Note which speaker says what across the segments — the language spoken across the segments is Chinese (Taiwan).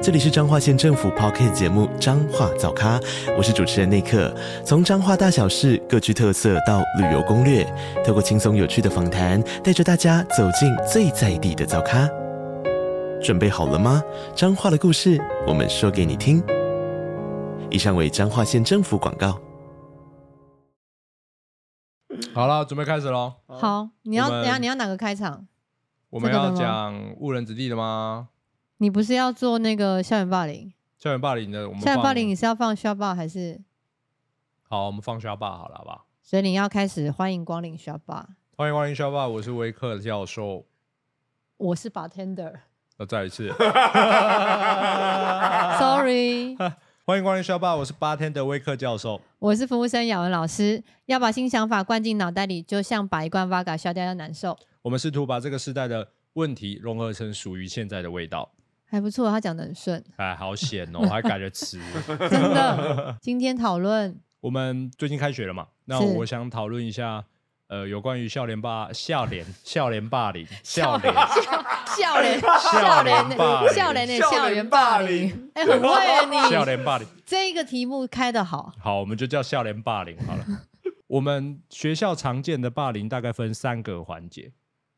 Speaker 1: 這裡是彰化縣政府 Podcast 節目《彰化早咖》，我是主持人內克。從彰化大小事各具特色到旅遊攻略，透過輕鬆有趣的訪談，帶着大家走進最在地的早咖。準備好了嗎？彰化的故事，我們說給你聽。以上為彰化縣政府廣告。
Speaker 2: 好了，準備開始嘍。好，
Speaker 3: 你要，你要，你要哪個開場？
Speaker 2: 我們要講誤人子弟的嗎？
Speaker 3: 你不是要做那個校園霸凌？
Speaker 2: 校園霸凌的，我們校園霸凌
Speaker 3: 你是要放 Shotbar 還是？
Speaker 2: 好，我們放 Shotbar 好了，好不好？
Speaker 3: 所以你要開始歡迎光臨 Shotbar。
Speaker 2: 歡迎光臨 Shotbar，我是威克教授。
Speaker 3: 我是 bartender。
Speaker 2: 那、哦、再一次
Speaker 3: ，Sorry。
Speaker 2: 歡迎光臨 Shotbar，我是 bartender 威克教授。
Speaker 3: 我是服務生雅雯老師。要把新想法灌進腦袋裡，就像把一罐 vodka 喝掉要難受。
Speaker 2: 我們試圖把這個時代的問題融合成屬於現在的味道。
Speaker 3: 還不錯，他講得很順。
Speaker 2: 哎，好險哦，還改了詞。真的， 今天討論。我們最近開學了嘛？那是我想討論一下，呃，有關於校園霸校園校園霸凌校
Speaker 1: 園校園校園霸
Speaker 2: 校園的校園霸凌。哎，很會啊你。校園霸凌。
Speaker 3: 這一個題目開得好。
Speaker 2: 好，我們就叫校園霸凌好了。 我們學校常見的霸凌大概分三個環節。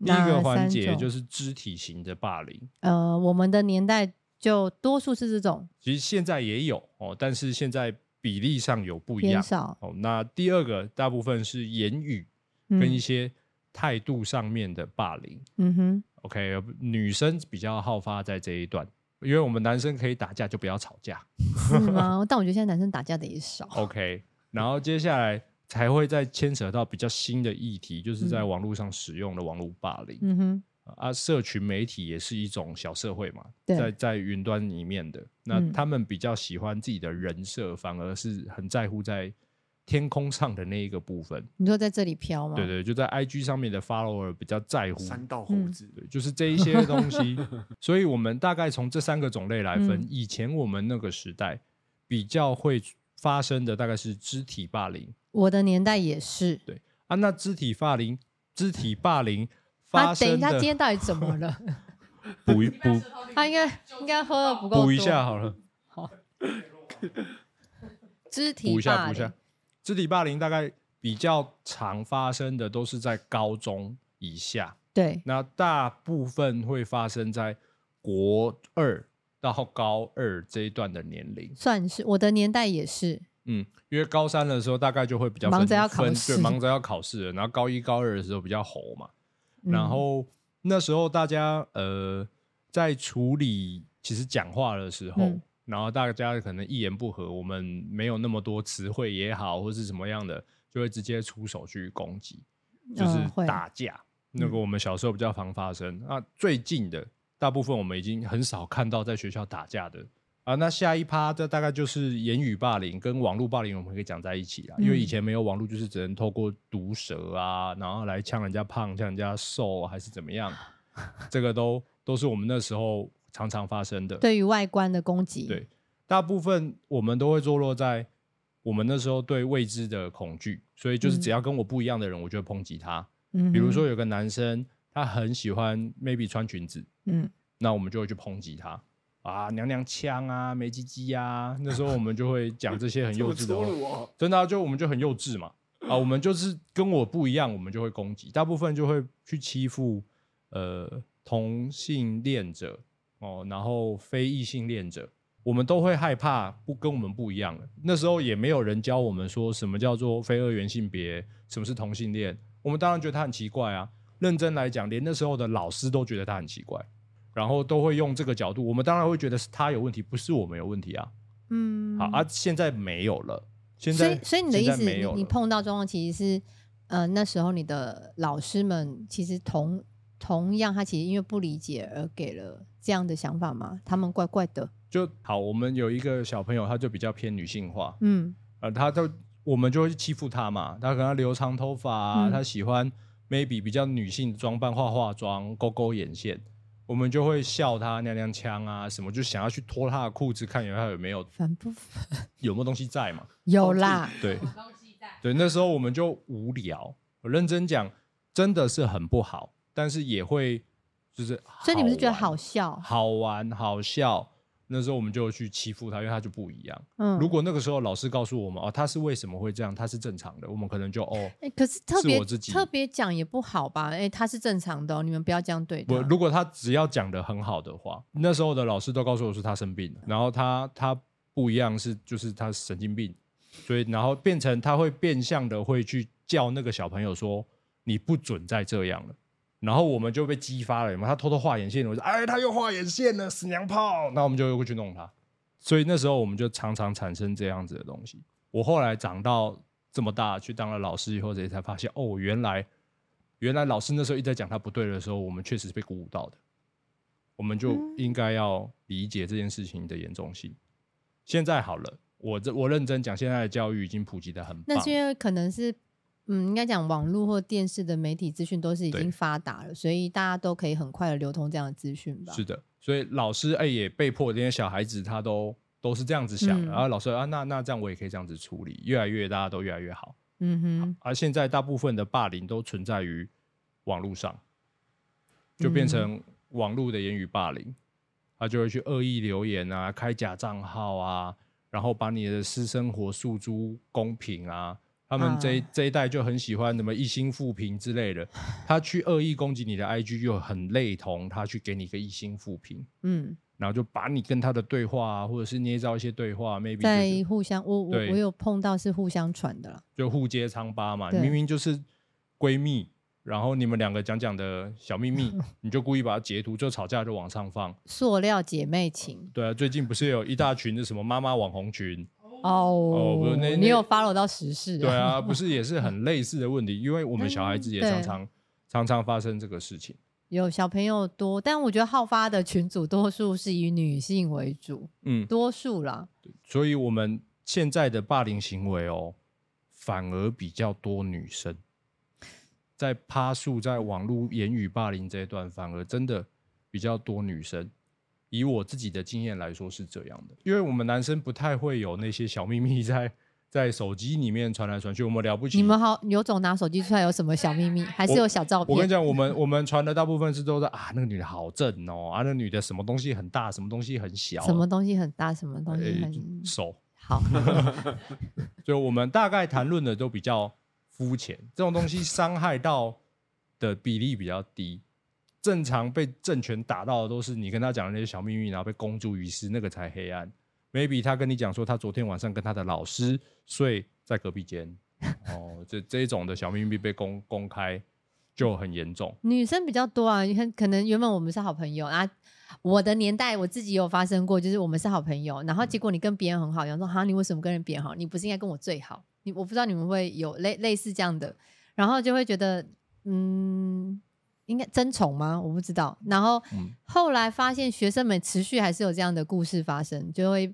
Speaker 3: 第一個環節就
Speaker 2: 是肢體型的霸凌，
Speaker 3: 呃，我們的年代就多數是這種。其
Speaker 2: 實現在也有哦，但是現在比例上有不一樣少哦。那第二個大部分是言語跟一些態度上面的霸凌。嗯哼，OK，女生比較好發在這一段，因為我們男生可以打架就不要吵架，
Speaker 3: 嗯嗎 但我覺得現在男生打架的也少。
Speaker 2: OK，然後接下來。嗯才會再牽扯到比較新的議題，就是在網絡上使用的網絡霸凌。嗯、哼啊，社群媒體也是一種小社會嘛，對在在雲端裡面的。那他們比較喜歡自己的人設，嗯、反而是很在乎在天空上的那一個部分。
Speaker 3: 你說在這裡飄嗎？對對，
Speaker 2: 就在 IG 上面的 follower 比較在乎三道子、嗯、對，就是這一些東西。 所以我們大概從這三個種類來分，嗯、以前我們那個時代比較會發生的大概是肢體霸凌。
Speaker 3: 我的年代也是。
Speaker 2: 對啊，那肢體霸凌、肢體霸凌發生的啊，等一下，今天
Speaker 3: 到底怎麼了？
Speaker 2: 補補 ，
Speaker 3: 他應該應該喝的不夠。補一下好了。好。肢體霸凌。補一下，補一下。
Speaker 2: 肢體霸凌大概比較常發生的都是在高中以下。對。那大部分會發生在國二到高二這一段的年齡。
Speaker 3: 算是我的年代也是。
Speaker 2: 嗯，因為高三的時候大概就會比較忙着要考試，忙着要考試。然後高一、高二的時候比較吼嘛，嗯、然後那時候大家呃在處理其實講話的時候，嗯、然後大家可能一言不合，我們沒有那麼多詞彙也好，或是什麼樣的，就會直接出手去攻擊，就是打架。嗯、那個我們小時候比較常發生。那、嗯啊、最近的大部分我們已經很少看到在學校打架的。啊，那下一趴這大概就是言語霸凌跟網絡霸凌，我們可以講在一起了。嗯、因為以前沒有網絡，就是只能透過毒舌啊，然後來嗆人家胖、嗆人家瘦、啊，還是怎麼樣， 這個都都是我們那時候常常發生的。對於
Speaker 3: 外觀的攻擊，對，
Speaker 2: 大部分我們都會坐落在我們那時候對未知的恐懼，所以就是只要跟我不一樣的人，嗯、我就會抨擊他。嗯、哼比如說有個男生，他很喜歡 maybe 穿裙子，嗯，那我們就會去抨擊他。啊，娘娘腔啊，沒雞雞啊，那時候我們就會講這些很幼稚的話。 真的啊，就我們就很幼稚嘛，啊，我們就是跟我不一樣，我們就會攻擊，大部分就會去欺負呃同性戀者哦，然後非異性戀者，我們都會害怕不跟我們不一樣。那時候也沒有人教我們說什麼叫做非二元性別，什麼是同性戀，我們當然覺得他很奇怪啊。認真來講，連那時候的老師都覺得他很奇怪。然後都會用這個角度，我們當然會覺得是他有問題，不是我們有問題啊。嗯，好啊，現在沒有了。現在所以所以你的意思沒有了你，你
Speaker 3: 碰到狀況其實是，呃，那時候你的老師們其實同同樣，他其實因為不理解而給了這樣的想法嘛？他們怪怪的。
Speaker 2: 就好，我們有一個小朋友，他就比較偏女性化，嗯，呃，他都我們就會欺負他嘛。他可能留長頭髮，啊，嗯、他喜歡 maybe 比較女性的裝扮，化化妝，勾勾眼線。我們就會笑他娘娘腔啊，什麼就想要去脫他的褲子，看有他有沒有，反不反 有沒有東西在嘛？
Speaker 3: 有啦、oh,
Speaker 2: 對，對，對，那時候我們就無聊。我認真講，真的是很不好，但是也會就是，所以你們是覺
Speaker 3: 得好笑、
Speaker 2: 好玩、好笑。那時候我們就去欺負他，因為他就不一樣。嗯、如果那個時候老師告訴我們，哦，他是為什麼會這樣，他是正常的，我們可能就哦、欸。可是特別特
Speaker 3: 別講也不好吧？哎、欸，他是正常的、哦，你們不要這樣對他。我如
Speaker 2: 果他只要講得很好的話，那時候的老師都告訴我說他生病，然後他他不一樣是就是他神經病，所以然後變成他會變相的會去叫那個小朋友說，你不准再這樣了。然後我們就被激發了，有沒有？他偷偷畫眼線，我說：“哎，他又畫眼線了，死娘炮！”那我們就又會去弄他。所以那時候我們就常常產生這樣子的東西。我後來長到這麼大，去當了老師以後，這些才發現哦，原來原來老師那時候一直在講他不對的時候，我們確實是被鼓舞到的。我們就應該要理解這件事情的嚴重性。嗯、現在好了，我這我認真講，現在的教育已經普及得很。那因
Speaker 3: 為可能是。嗯，應該講網絡或電視的媒體資訊都是已經發達了，對所以大家都可以很快的流通這樣的資訊吧。是
Speaker 2: 的，所以老師哎、欸、也被迫，這些小孩子他都都是這樣子想，嗯、然後老師啊那那這樣我也可以這樣子處理，越來越大家都越來越好。嗯哼，而現在大部分的霸凌都存在於網絡上，就變成網絡的言語霸凌，嗯、哼他就會去惡意留言啊，開假賬號啊，然後把你的私生活訴諸公平啊。他們這一、啊、這一代就很喜歡什麼一星負評之類的，他去惡意攻擊你的 IG 就很類同，他去給你一個一星負評，嗯，然後就把你跟他的對話啊，或者是捏造一些對話，maybe 在、就是、
Speaker 3: 互相，我對我，我有碰到是互相傳的啦，
Speaker 2: 就互揭瘡疤嘛，對明明就是閨蜜，然後你們兩個講講的小秘密，嗯、你就故意把它截圖，就吵架就往上放，
Speaker 3: 塑料姐妹情，
Speaker 2: 對啊，最近不是有一大群的什麼媽媽網紅群。
Speaker 3: 哦，哦你有 follow 到時事、啊？對啊，不是
Speaker 2: 也是很類似的問題？ 因為我們小孩子也常常、嗯、常常發生這個事情。
Speaker 3: 有小朋友多，但我覺得好發的群組多數是以女性為主，嗯，多數啦。
Speaker 2: 所以我們現在的霸凌行為哦、喔，反而比較多女生在趴樹，在網絡言語霸凌這一段，反而真的比較多女生。以我自己的經驗來說是這樣的，因為我們男生不太會有那些小秘密，在在手機裡面傳來傳去。我們了不起，你們
Speaker 3: 好，有種拿手機出來有什麼小秘密？還是有小照片？我，我跟你講，我
Speaker 2: 們我們傳的大部分是都是啊，那個女的好正哦，啊，那個、女的什麼東西很大，什麼東西很小，啊，什麼
Speaker 3: 東西很大，什麼東西很
Speaker 2: 熟、欸、好。就 我們大概談論的都比較膚淺，這種東西傷害到的比例比較低。正常被政權打到的都是你跟他講的那些小秘密，然後被公諸於世，那個才黑暗。Maybe 他跟你講說他昨天晚上跟他的老師睡在隔壁間。 哦，這這種的小秘密被公公開就很嚴重。
Speaker 3: 女生比較多啊，很可能原本我們是好朋友啊。我的年代我自己有發生過，就是我們是好朋友，然後結果你跟別人很好，然後說：“哈，你為什麼跟別人好？你不是應該跟我最好？”你我不知道你們會有類類似這樣的，然後就會覺得嗯。應該爭寵嗎？我不知道。然後、嗯、後來發現學生們持續還是有這樣的故事發生，就會。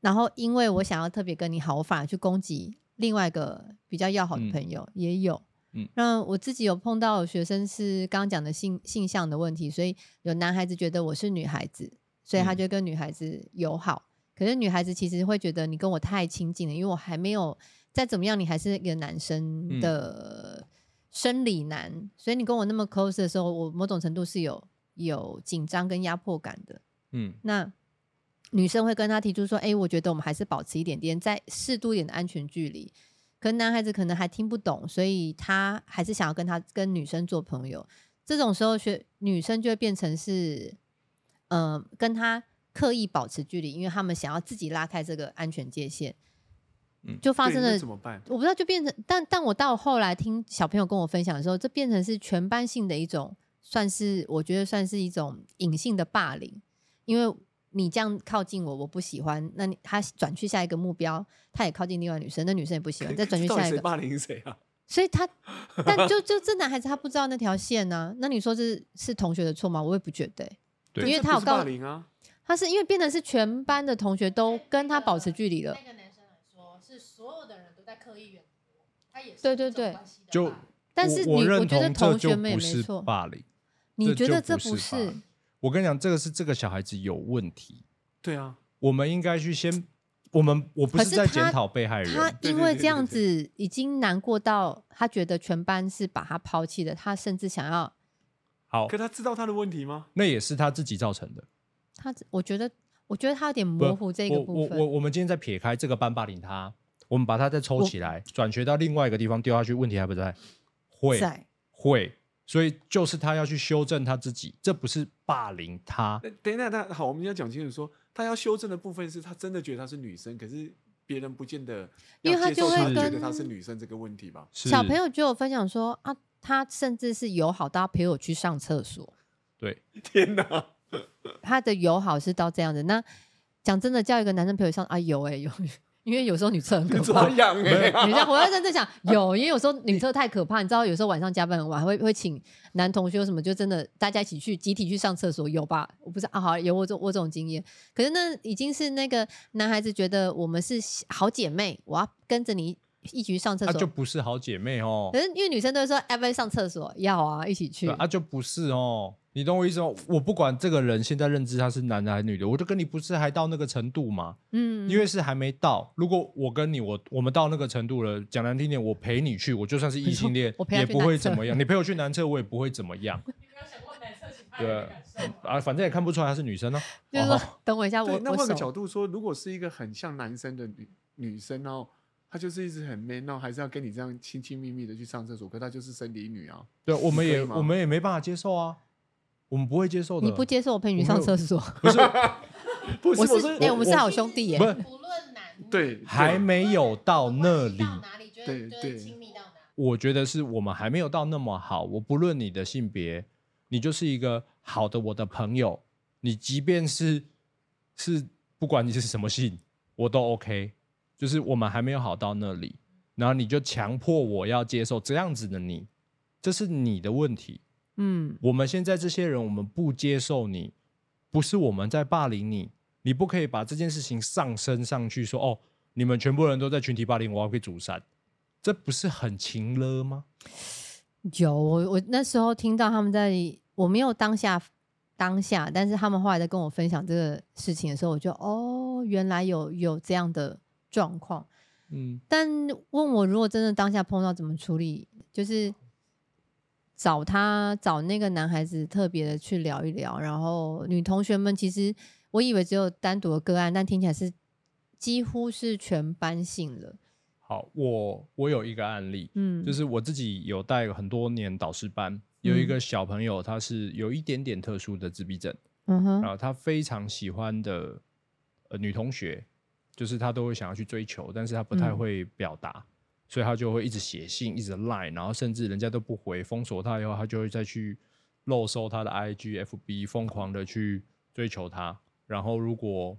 Speaker 3: 然後因為我想要特別跟你好，我反而去攻擊另外一個比較要好的朋友，嗯、也有。嗯，那我自己有碰到學生是剛剛講的性性向的問題，所以有男孩子覺得我是女孩子，所以他就跟女孩子友好。嗯、可是女孩子其實會覺得，你跟我太親近了，因為我還沒有再怎麼樣，你還是一個男生的、嗯。生理男，所以你跟我那麼 close 的時候，我某種程度是有有緊張跟壓迫感的。嗯，那女生會跟他提出說：“哎、欸，我覺得我們還是保持一點點，再適度一點的安全距離。”可男孩子可能還聽不懂，所以他還是想要跟他跟女生做朋友。這種時候學，學女生就會變成是，嗯、呃，跟他刻意保持距離，因為他們想要自己拉開這個安全界限。就發生了，我不知道，就變成，但但我到後來聽小朋友跟我分享的時候，這變成是全班性的一種，算是我覺得算是一種隱性的霸凌，因為你這樣靠近我，我不喜歡，那你他轉去下一個目標，他也靠近另外女生，那女生也不喜歡，再轉去下一個霸凌誰啊？所以他，但就就這男孩子他不知道那條線啊，那你說這是是同學的錯嗎？我也不覺得，對，因為他我告，他是因為變成是全班的同學都跟他保持距離了。所有的人都在
Speaker 2: 刻意遠離他，也是對對對，就但是你我我覺得同學們也不是霸凌。你覺得這不是？這不是？我跟你講，這個是這個小孩子有問題，對啊，我們應該去先我們我不是在檢討被害人他，他因為這樣子
Speaker 3: 已經難過到他覺得全班是把他拋棄的，他甚至想要
Speaker 2: 好，可他
Speaker 1: 知道他的問題嗎？
Speaker 2: 那也是他自己造成的。
Speaker 3: 他我覺得我覺得他有點模糊這個部分，我
Speaker 2: 我我們今天在撇開這個班霸凌他。我們把它再抽起來，轉學我到另外一個地方丟下去，問題還不在，會的會，所以就是他要去修正他自己，這不是霸凌他。
Speaker 1: 欸、等一下，那好，我們要講清楚說，說他要修正的部分是他真的覺得他是女生，可是別人不見得，因為他就會跟他覺得他是女生這個問題吧。小朋
Speaker 3: 友就有分享說啊，他甚至是友好到陪我去上廁所。
Speaker 1: 對，天哪，
Speaker 3: 他的友好是到這樣子。那講真的，叫一個男生朋友上啊，有哎、欸、有。因為有時候女廁很可怕，你這樣、欸啊，我要在這想 有，因為有時候女廁太可怕， 你知道，有時候晚上加班很晚，還會會請男同學，什麼就真的大家一起去集體去上廁所，有吧？我不是啊，好有我這我這種經驗，可是那已經是那個男孩子覺得我們是好姐妹，我要跟着你。一起上廁所、啊，就
Speaker 2: 不是好姐妹哦、喔。可是因
Speaker 3: 為女生都會說 Evan 上廁所要啊，一起
Speaker 2: 去。啊，就不是哦、喔。你懂我意思嗎？我不管這個人現在認知他是男的還是女的，我就跟你不是還到那個程度嘛。嗯。因為是還沒到。如果我跟你，我我們到那個程度了，講難聽點，我陪你去，我就算是異性戀，我陪他也不會怎麼樣。你陪我去男廁，我也不會怎麼樣。應 對、嗯、啊，反正也看不出來他是女生呢。就
Speaker 1: 是
Speaker 3: 等我一下，我對我。我那換個角
Speaker 1: 度說，如果是一個很像男生的女女生哦。她就是一直很 man，然後還是要跟你這樣親親密密的去上廁所。可她就是生理女啊，對，我們也我們
Speaker 2: 也沒辦法接受啊，我們不會接受的。你不接受我陪你去上廁所？不是，
Speaker 1: 不是，哎，我們是好兄弟耶，不論男女對，
Speaker 2: 還沒有到那裡，到哪裡親密到哪？我覺得是我們還沒有到那麼好。我不論你的性別，你就是一個好的我的朋友。你即便是是不管你是什麼性，我都 OK。就是我們還沒有好到那裡，然後你就強迫我要接受這樣子的你，這是你的問題。嗯，我們現在這些人，我們不接受你，不是我們在霸凌你，你不可以把這件事情上升上去，說哦，你們全部人都在群體霸凌我，我要被追殺，這不是很情勒嗎？
Speaker 3: 有，我我那時候聽到他們在，我沒有當下當下，但是他們後來在跟我分享這個事情的時候，我就哦，原來有有這樣的。狀況，嗯，但問我如果真的當下碰到怎麼處理，就是找他找那個男孩子特別的去聊一聊，然後女同學們，其實我以為只有單獨的個案，但聽起來是幾乎是全班性的。
Speaker 2: 好，我我有一個案例，嗯，就是我自己有帶很多年導師班，有一個小朋友他是有一點點特殊的自閉症，嗯哼，然後，呃，他非常喜歡的呃女同學。就是他都會想要去追求，但是他不太會表達，嗯、所以他就會一直寫信，一直賴，然後甚至人家都不回，封鎖他以後，他就會再去漏搜他的 IGFB，瘋狂的去追求他。然後如果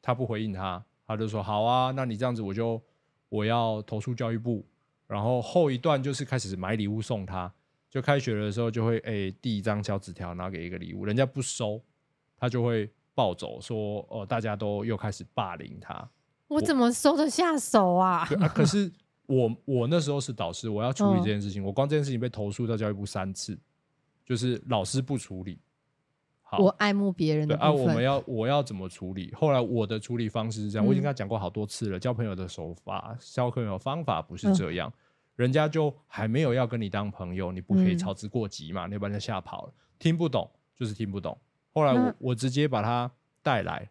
Speaker 2: 他不回應他，他就說好啊，那你這樣子我就我要投訴教育部。然後後一段就是開始買禮物送他，就開學的時候就會哎遞一張小紙條拿給一個禮物，人家不收，他就會。暴走說：“哦、呃，大家都又開始霸凌他，
Speaker 3: 我，我怎麼收得下手啊？”啊，可
Speaker 2: 是我我那時候是導師，我要處理這件事情。哦、我光這件事情被投訴到教育部三次，就是老師不處理，我
Speaker 3: 愛慕別人的。對啊，我們
Speaker 2: 要我要怎麼處理？後來我的處理方式是這樣：嗯、我已經跟他講過好多次了，交朋友的手法、交朋友的方法不是這樣，哦、人家就還沒有要跟你當朋友，你不可以操之過急嘛，嗯、你把人家嚇跑了，聽不懂就是聽不懂。”後來我那我直接把他帶來，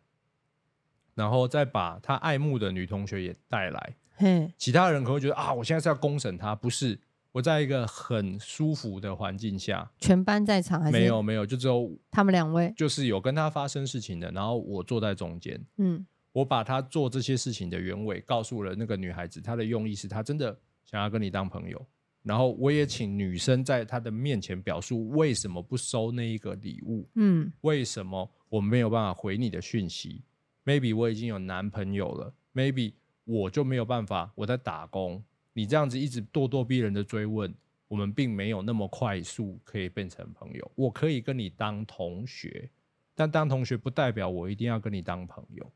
Speaker 2: 然後再把他愛慕的女同學也帶來。嘿其他人可能會覺得啊，我現在是要公審他，不是？我在一個很舒服的環境下，
Speaker 3: 全班在場還是，沒有沒有，就只有他們兩位，
Speaker 2: 就是有跟他發生事情的。然後我坐在中間，嗯，我把他做這些事情的原委告訴了那個女孩子，她的用意是他真的想要跟你當朋友。然後我也請女生在他的面前表述為什麼不收那一個禮物，嗯，為什麼我沒有辦法回你的訊息？Maybe 我已經有男朋友了，Maybe 我就沒有辦法。我在打工，你這樣子一直咄咄逼人的追問，我們並沒有那麼快速可以變成朋友。我可以跟你當同學，但當同學不代表我一定要跟你當朋友。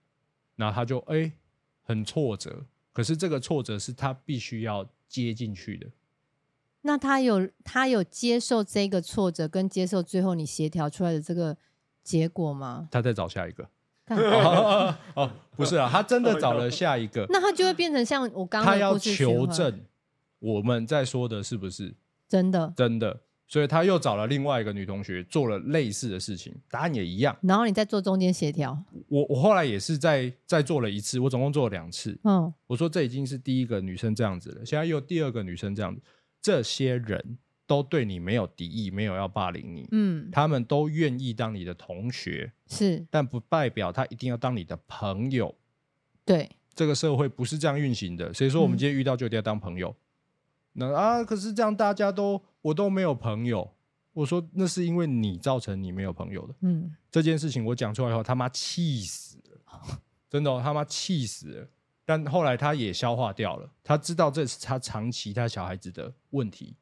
Speaker 2: 然後他就誒很挫折，可是這個挫折是他必須要接進去的。
Speaker 3: 那他有他有接受這個挫折，跟接受最後你協調出來的這個結果嗎？
Speaker 2: 他在找下一個。不是啊，他真的找了下一個， 那
Speaker 3: 他就會變成像我剛剛他要求證
Speaker 2: 我們在說的是不是真的真的，所以他又找了另外一個女同學做了類似的事情，答案也一樣。
Speaker 3: 然後你再做中間協調，
Speaker 2: 我我後來也是在在做了一次，我總共做了兩次。嗯，我說這已經是第一個女生這樣子了，現在又第二個女生這樣子。這些人都對你沒有敵意，沒有要霸凌你，嗯，他們都願意當你的同學，是，但不代表他一定要當你的朋友，對，這個社會不是這樣運行的，所以說我們今天遇到就一定要當朋友，嗯、那啊，可是這樣大家都我都沒有朋友，我說那是因為你造成你沒有朋友的，嗯，這件事情我講出來以後，他媽氣死了，哦、真的、哦、他媽氣死了。但後來他也消化掉了，他知道這是他長期他小孩子的問題，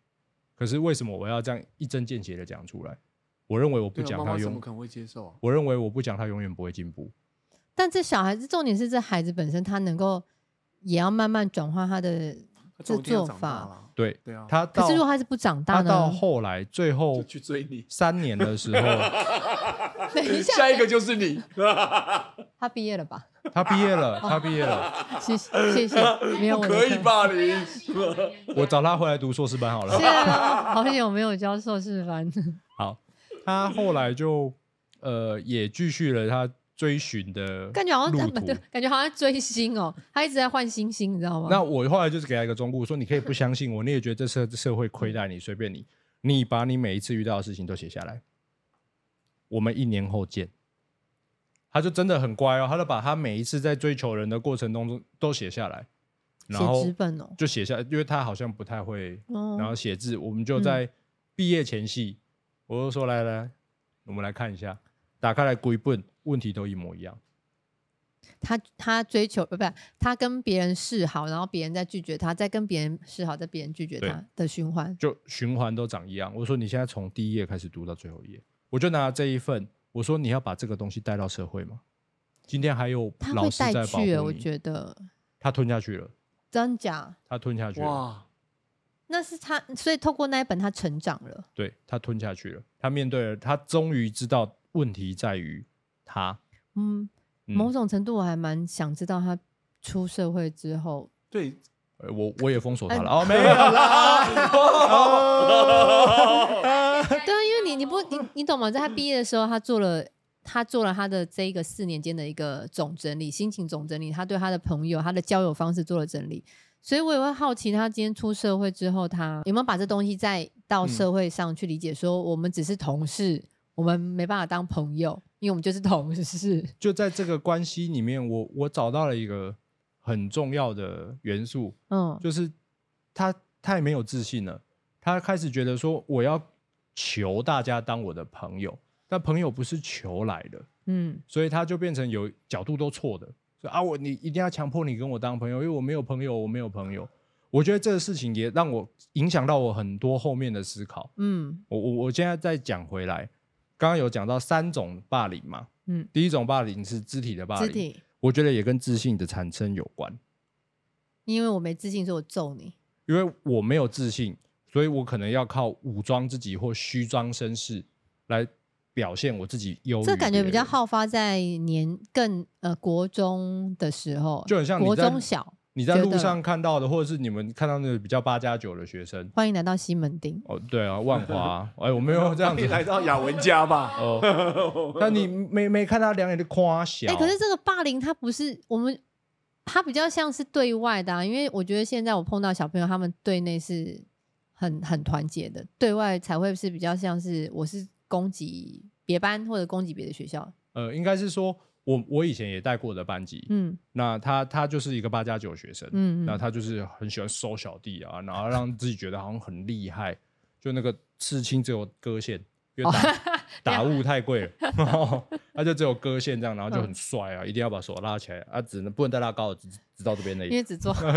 Speaker 2: 可是為什麼我要這樣一針見血的講出來？我認為我不講他永，啊、媽媽怎
Speaker 1: 麼可能會接受、啊、
Speaker 2: 我認為我不講他永遠不會進步。
Speaker 3: 但這小孩子重點是這孩子本身他能夠，也要慢慢轉化他的。這做法，
Speaker 2: 對，對啊，他到可是如果他是不長大的，他到後來最後去追你三年的時候， 等一
Speaker 1: 下，下一個就是你。
Speaker 3: 他畢業了吧？
Speaker 2: 他畢業了，他畢業了。 哦、
Speaker 3: 謝謝謝謝，沒
Speaker 1: 有我可以吧你？
Speaker 2: 你 我找他回來讀碩士班好了。 是啊，
Speaker 3: 好久沒有教碩士班。
Speaker 2: 好，他後來就呃也繼續了他。追尋的感覺，好像他們的
Speaker 3: 感覺好像追星哦，他一直在換星星，你知道嗎？那
Speaker 2: 我後來就是給他一個忠告，說你可以不相信我，你也覺得這社這社會虧待你，隨便你，你把你每一次遇到的事情都寫下來，我們一年後見。他就真的很乖哦，他就把他每一次在追求人的過程當中都寫下來，然後就寫下，因為他好像不太會，嗯，然後寫字。我們就在畢業前夕，我就說來來，我們來看一下，打開來歸本，問題都一模一樣。
Speaker 3: 他他追求不不，他跟別人示好，然後別人再拒絕他，再跟別人示好，再別人拒絕他的循環，
Speaker 2: 就循環都長一樣。我說你現在從第一頁開始讀到最後一頁，我就拿這一份，我說你要把這個東西帶到社會嘛。今天還有老師在保護你，我覺得他吞下去了。
Speaker 3: 真假？
Speaker 2: 他吞下去了，
Speaker 3: 那是他，所以透過那一本，他成長了。
Speaker 2: 對，他吞下去了，他面對了，他終於知道問題在於，他，嗯，某
Speaker 3: 種程度我還蠻想知道他出社會之後。
Speaker 2: 對，呃、我我也封鎖他了、哎、哦，沒有啦。對，因
Speaker 3: 為你你不你你懂嗎？在他畢業的時候他，他做了他的這一個四年間的一個總整理，心情總整理，他對他的朋友、他的交友方式做了整理。所以我也會好奇，他今天出社會之後他，他有沒有把這東西再到社會上去理解？說我們只是同事，嗯、我們沒辦法當朋友。因為我們就是
Speaker 2: 同事，就在這個關係裡面，我我找到了一個很重要的元素，嗯，就是他太沒有自信了，他開始覺得說，我要求大家當我的朋友，但朋友不是求來的，嗯，所以他就變成有角度都錯的，所以啊，我你一定要強迫你跟我當朋友，因為我沒有朋友，我沒有朋友，我覺得這個事情也讓我影響到我很多後面的思考，嗯我，我我我現在再講回來。剛剛有講到三種霸凌嘛，嗯，第一種霸凌是肢體的霸凌，肢體，我覺得也跟自信的產生有關，
Speaker 3: 因為我沒自信，所以我揍
Speaker 2: 你，因為我沒有自信，所以我可能要靠武裝自己或虛張聲勢來表現我自己有。這感覺比較
Speaker 3: 好發在年更呃國中的時候，就很像國中小。你在路上
Speaker 2: 看到的，得或者是你們看到那個比較八加九的學生，
Speaker 3: 歡迎來到西門町。
Speaker 2: 哦，對啊，萬華、啊，哎、 欸，我沒有這
Speaker 1: 樣子來到阿雯家吧。哦、 呃，那 你
Speaker 2: 沒沒看到兩眼的誇獎哎，可是
Speaker 3: 這個霸凌他不是我們，他比較像是對外的、啊，因為我覺得現在我碰到小朋友，他們對內是很很團結的，對外才會是比較像是我是攻擊別班或者攻擊別的學校。
Speaker 2: 呃，應該是說。我我以前也帶過的班級，嗯，那他他就是一個八加九學生，嗯，那他就是很喜歡收小弟啊，然後讓自己覺得好像很厲害，就那個刺青只有割線，因為打打霧太貴了，然後他就只有割線這樣，然後就很帥啊，一定要把手拉起來，啊，只能不能帶他高，只只到這邊那一邊，因為只坐這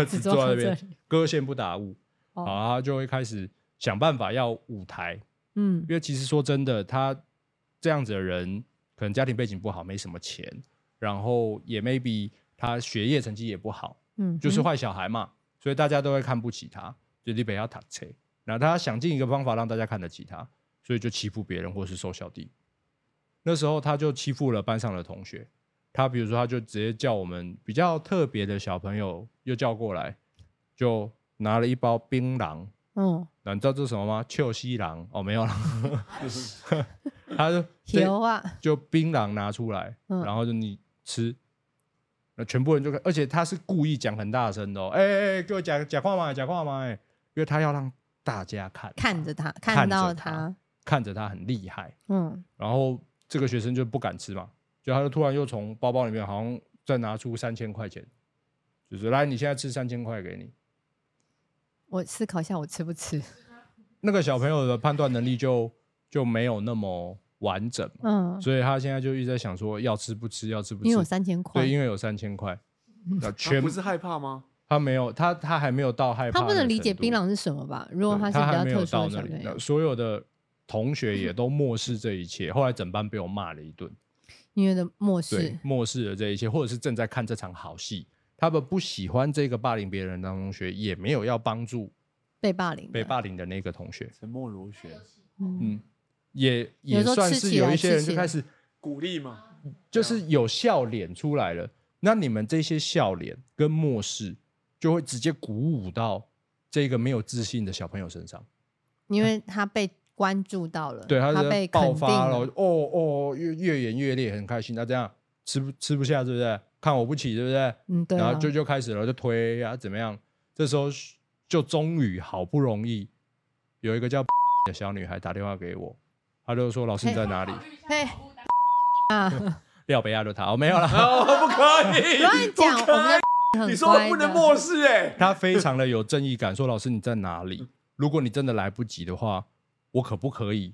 Speaker 2: 那邊，割線不打霧，啊，然後他就會開始想辦法要舞台，嗯，因為其實說真的，他這樣子的人。可能家庭背景不好，沒什麼錢，然後也 maybe 他學業成績也不好，嗯哼，就是壞小孩嘛，所以大家都會看不起他，就你被他打，然後他想盡一個方法讓大家看得起他，所以就欺負別人或是收小弟。那時候他就欺負了班上的同學，他比如說他就直接叫我們比較特別的小朋友又叫過來，就拿了一包檳榔。嗯，那你知道這是什麼嗎？臭西郎哦，沒有了， 就是、 他就有這啊， 就檳榔拿出來，嗯、然後就你吃，那全部人就看，而且他是故意講很大聲的，哦。哎、欸、哎、欸欸，給我講講話嘛，講話嘛，哎，因為他要讓大家看看
Speaker 3: 着他，看到他，
Speaker 2: 看着他，他很厲害，嗯，然後這個學生就不敢吃嘛，就他就突然又從包包裡面好像再拿出三千塊錢，就是來，你現在吃三千塊給你。
Speaker 3: 我思考一下，我吃不吃？
Speaker 2: 那個小朋友的判斷能力就就沒有那麼完整，嗯，所以他現在就一直在想說要吃不吃，要吃不吃。因為有三千塊，對，因為有三千塊，
Speaker 1: 嗯、全、啊、不是害怕嗎？
Speaker 2: 他沒有，他他還沒有到害怕。他不能理解檳
Speaker 3: 榔是什麼吧？如果他是比較特殊的種
Speaker 2: 類，所有的同學也都漠視這一切。嗯、後來整班被我罵了一頓，
Speaker 3: 因為的漠視，
Speaker 2: 漠視的這一切，或者是正在看這場好戲。他們不喜歡這個霸凌別人的同學，也沒有要幫助被霸凌、被霸凌的那個同學，沉默如雪。嗯，也也算是有一些人就開始鼓勵嘛，就是有笑臉出來了。那你們這些笑臉跟漠視，就會直接鼓舞到這個沒有自信的小朋友身上，
Speaker 3: 因為他被關注到了，嗯、對，他被爆發了，
Speaker 2: 了哦哦，越越演越烈，很開心。那這樣吃不吃不下，是不是？看我不起，對不對？嗯，對啊、然後就就開始了，就推啊，怎麼樣？這時候就終於好不容易有一個叫、X、的小女孩打電話給我，她就說：“老師你在哪裡？”
Speaker 1: 嘿對嘿啊，
Speaker 2: 廖北亞的他，我、哦、沒有了、
Speaker 1: 哦，不可以亂 講嗎？你說不能漠視哎，
Speaker 2: 她非常的有正義感，說：“老師你在哪裡？如果你真的來不及的話，我可不可以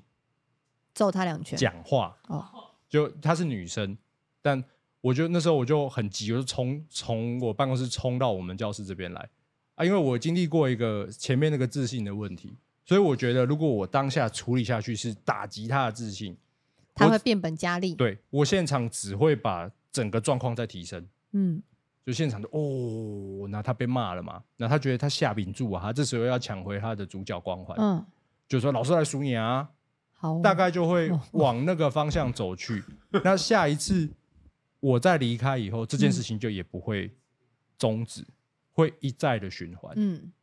Speaker 3: 揍她兩拳？”講
Speaker 2: 話哦，就她是女生，但。我就得那時候我就很急，我就衝從我辦公室衝到我們教室這邊來啊！因為我經歷過一個前面那個自信的問題，所以我覺得如果我當下處理下去是打擊他的自信，他會
Speaker 3: 變本加厲。
Speaker 2: 對我現場只會把整個狀況再提升，嗯，就現場就哦，那他被罵了嘛，那他覺得他下秉住啊，他這時候要搶回他的主角光環，嗯，就說老師來數你啊，
Speaker 1: 好，
Speaker 2: 哦，大概就會往那個方向走去，哦哦那下一次。 我在離開以後，這件事情就也不會終止，嗯、會一再的循環。嗯，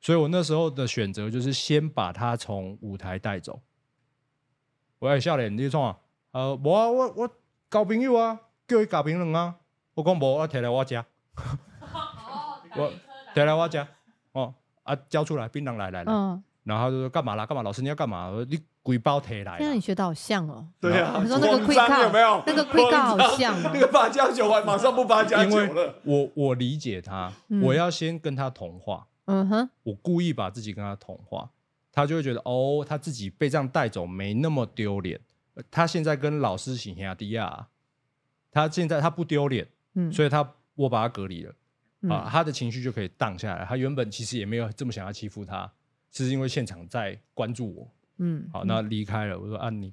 Speaker 2: 所以我那時候的選擇就是先把他從舞台帶走。我要笑臉就送啊？呃，無啊，我我交朋友啊，叫你搞檳榔啊。我講無，我提來我家。
Speaker 1: 我
Speaker 2: 提來我家哦啊，交出來檳榔來來來，來哦、然後他就說幹嘛啦？幹嘛？老師你要幹嘛？說你？鬼包提來，天，
Speaker 3: 你學的好像哦、喔。對啊，你
Speaker 2: 說那個魁拔有
Speaker 1: 沒有？那
Speaker 3: 個魁拔好像，
Speaker 2: 那個八加九環馬上不八加九了。因為我我理解他，嗯、我要先跟他同化。嗯哼，我故意把自己跟他同化，他就會覺得哦，他自己被這樣帶走沒那麼丟臉。他現在跟老師請假低壓，他現在他不丟臉，所以他我把他隔離了，嗯、啊，他的情緒就可以盪下來。他原本其實也沒有這麼想要欺負他，只是因為現場在關注我。嗯，好，那離開了。我說啊，你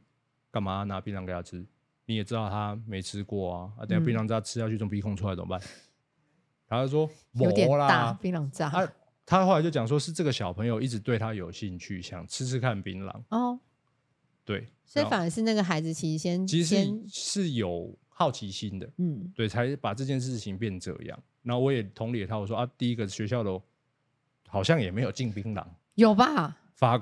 Speaker 2: 幹嘛拿檳榔給他吃？你也知道他沒吃過啊，啊，等下檳榔渣吃下去從鼻孔出來怎麼辦？然後他就說：有點大檳榔渣。他他後來就講說，是這個小朋友一直對他有興趣，想吃吃看檳榔。哦，對，所以反
Speaker 3: 而是那個孩子其實先其實
Speaker 2: 是有好奇心的，嗯，對，才把這件事情變這樣。然後我也同理他，我說啊，第一個學校的好像也沒有禁檳榔，有吧？發。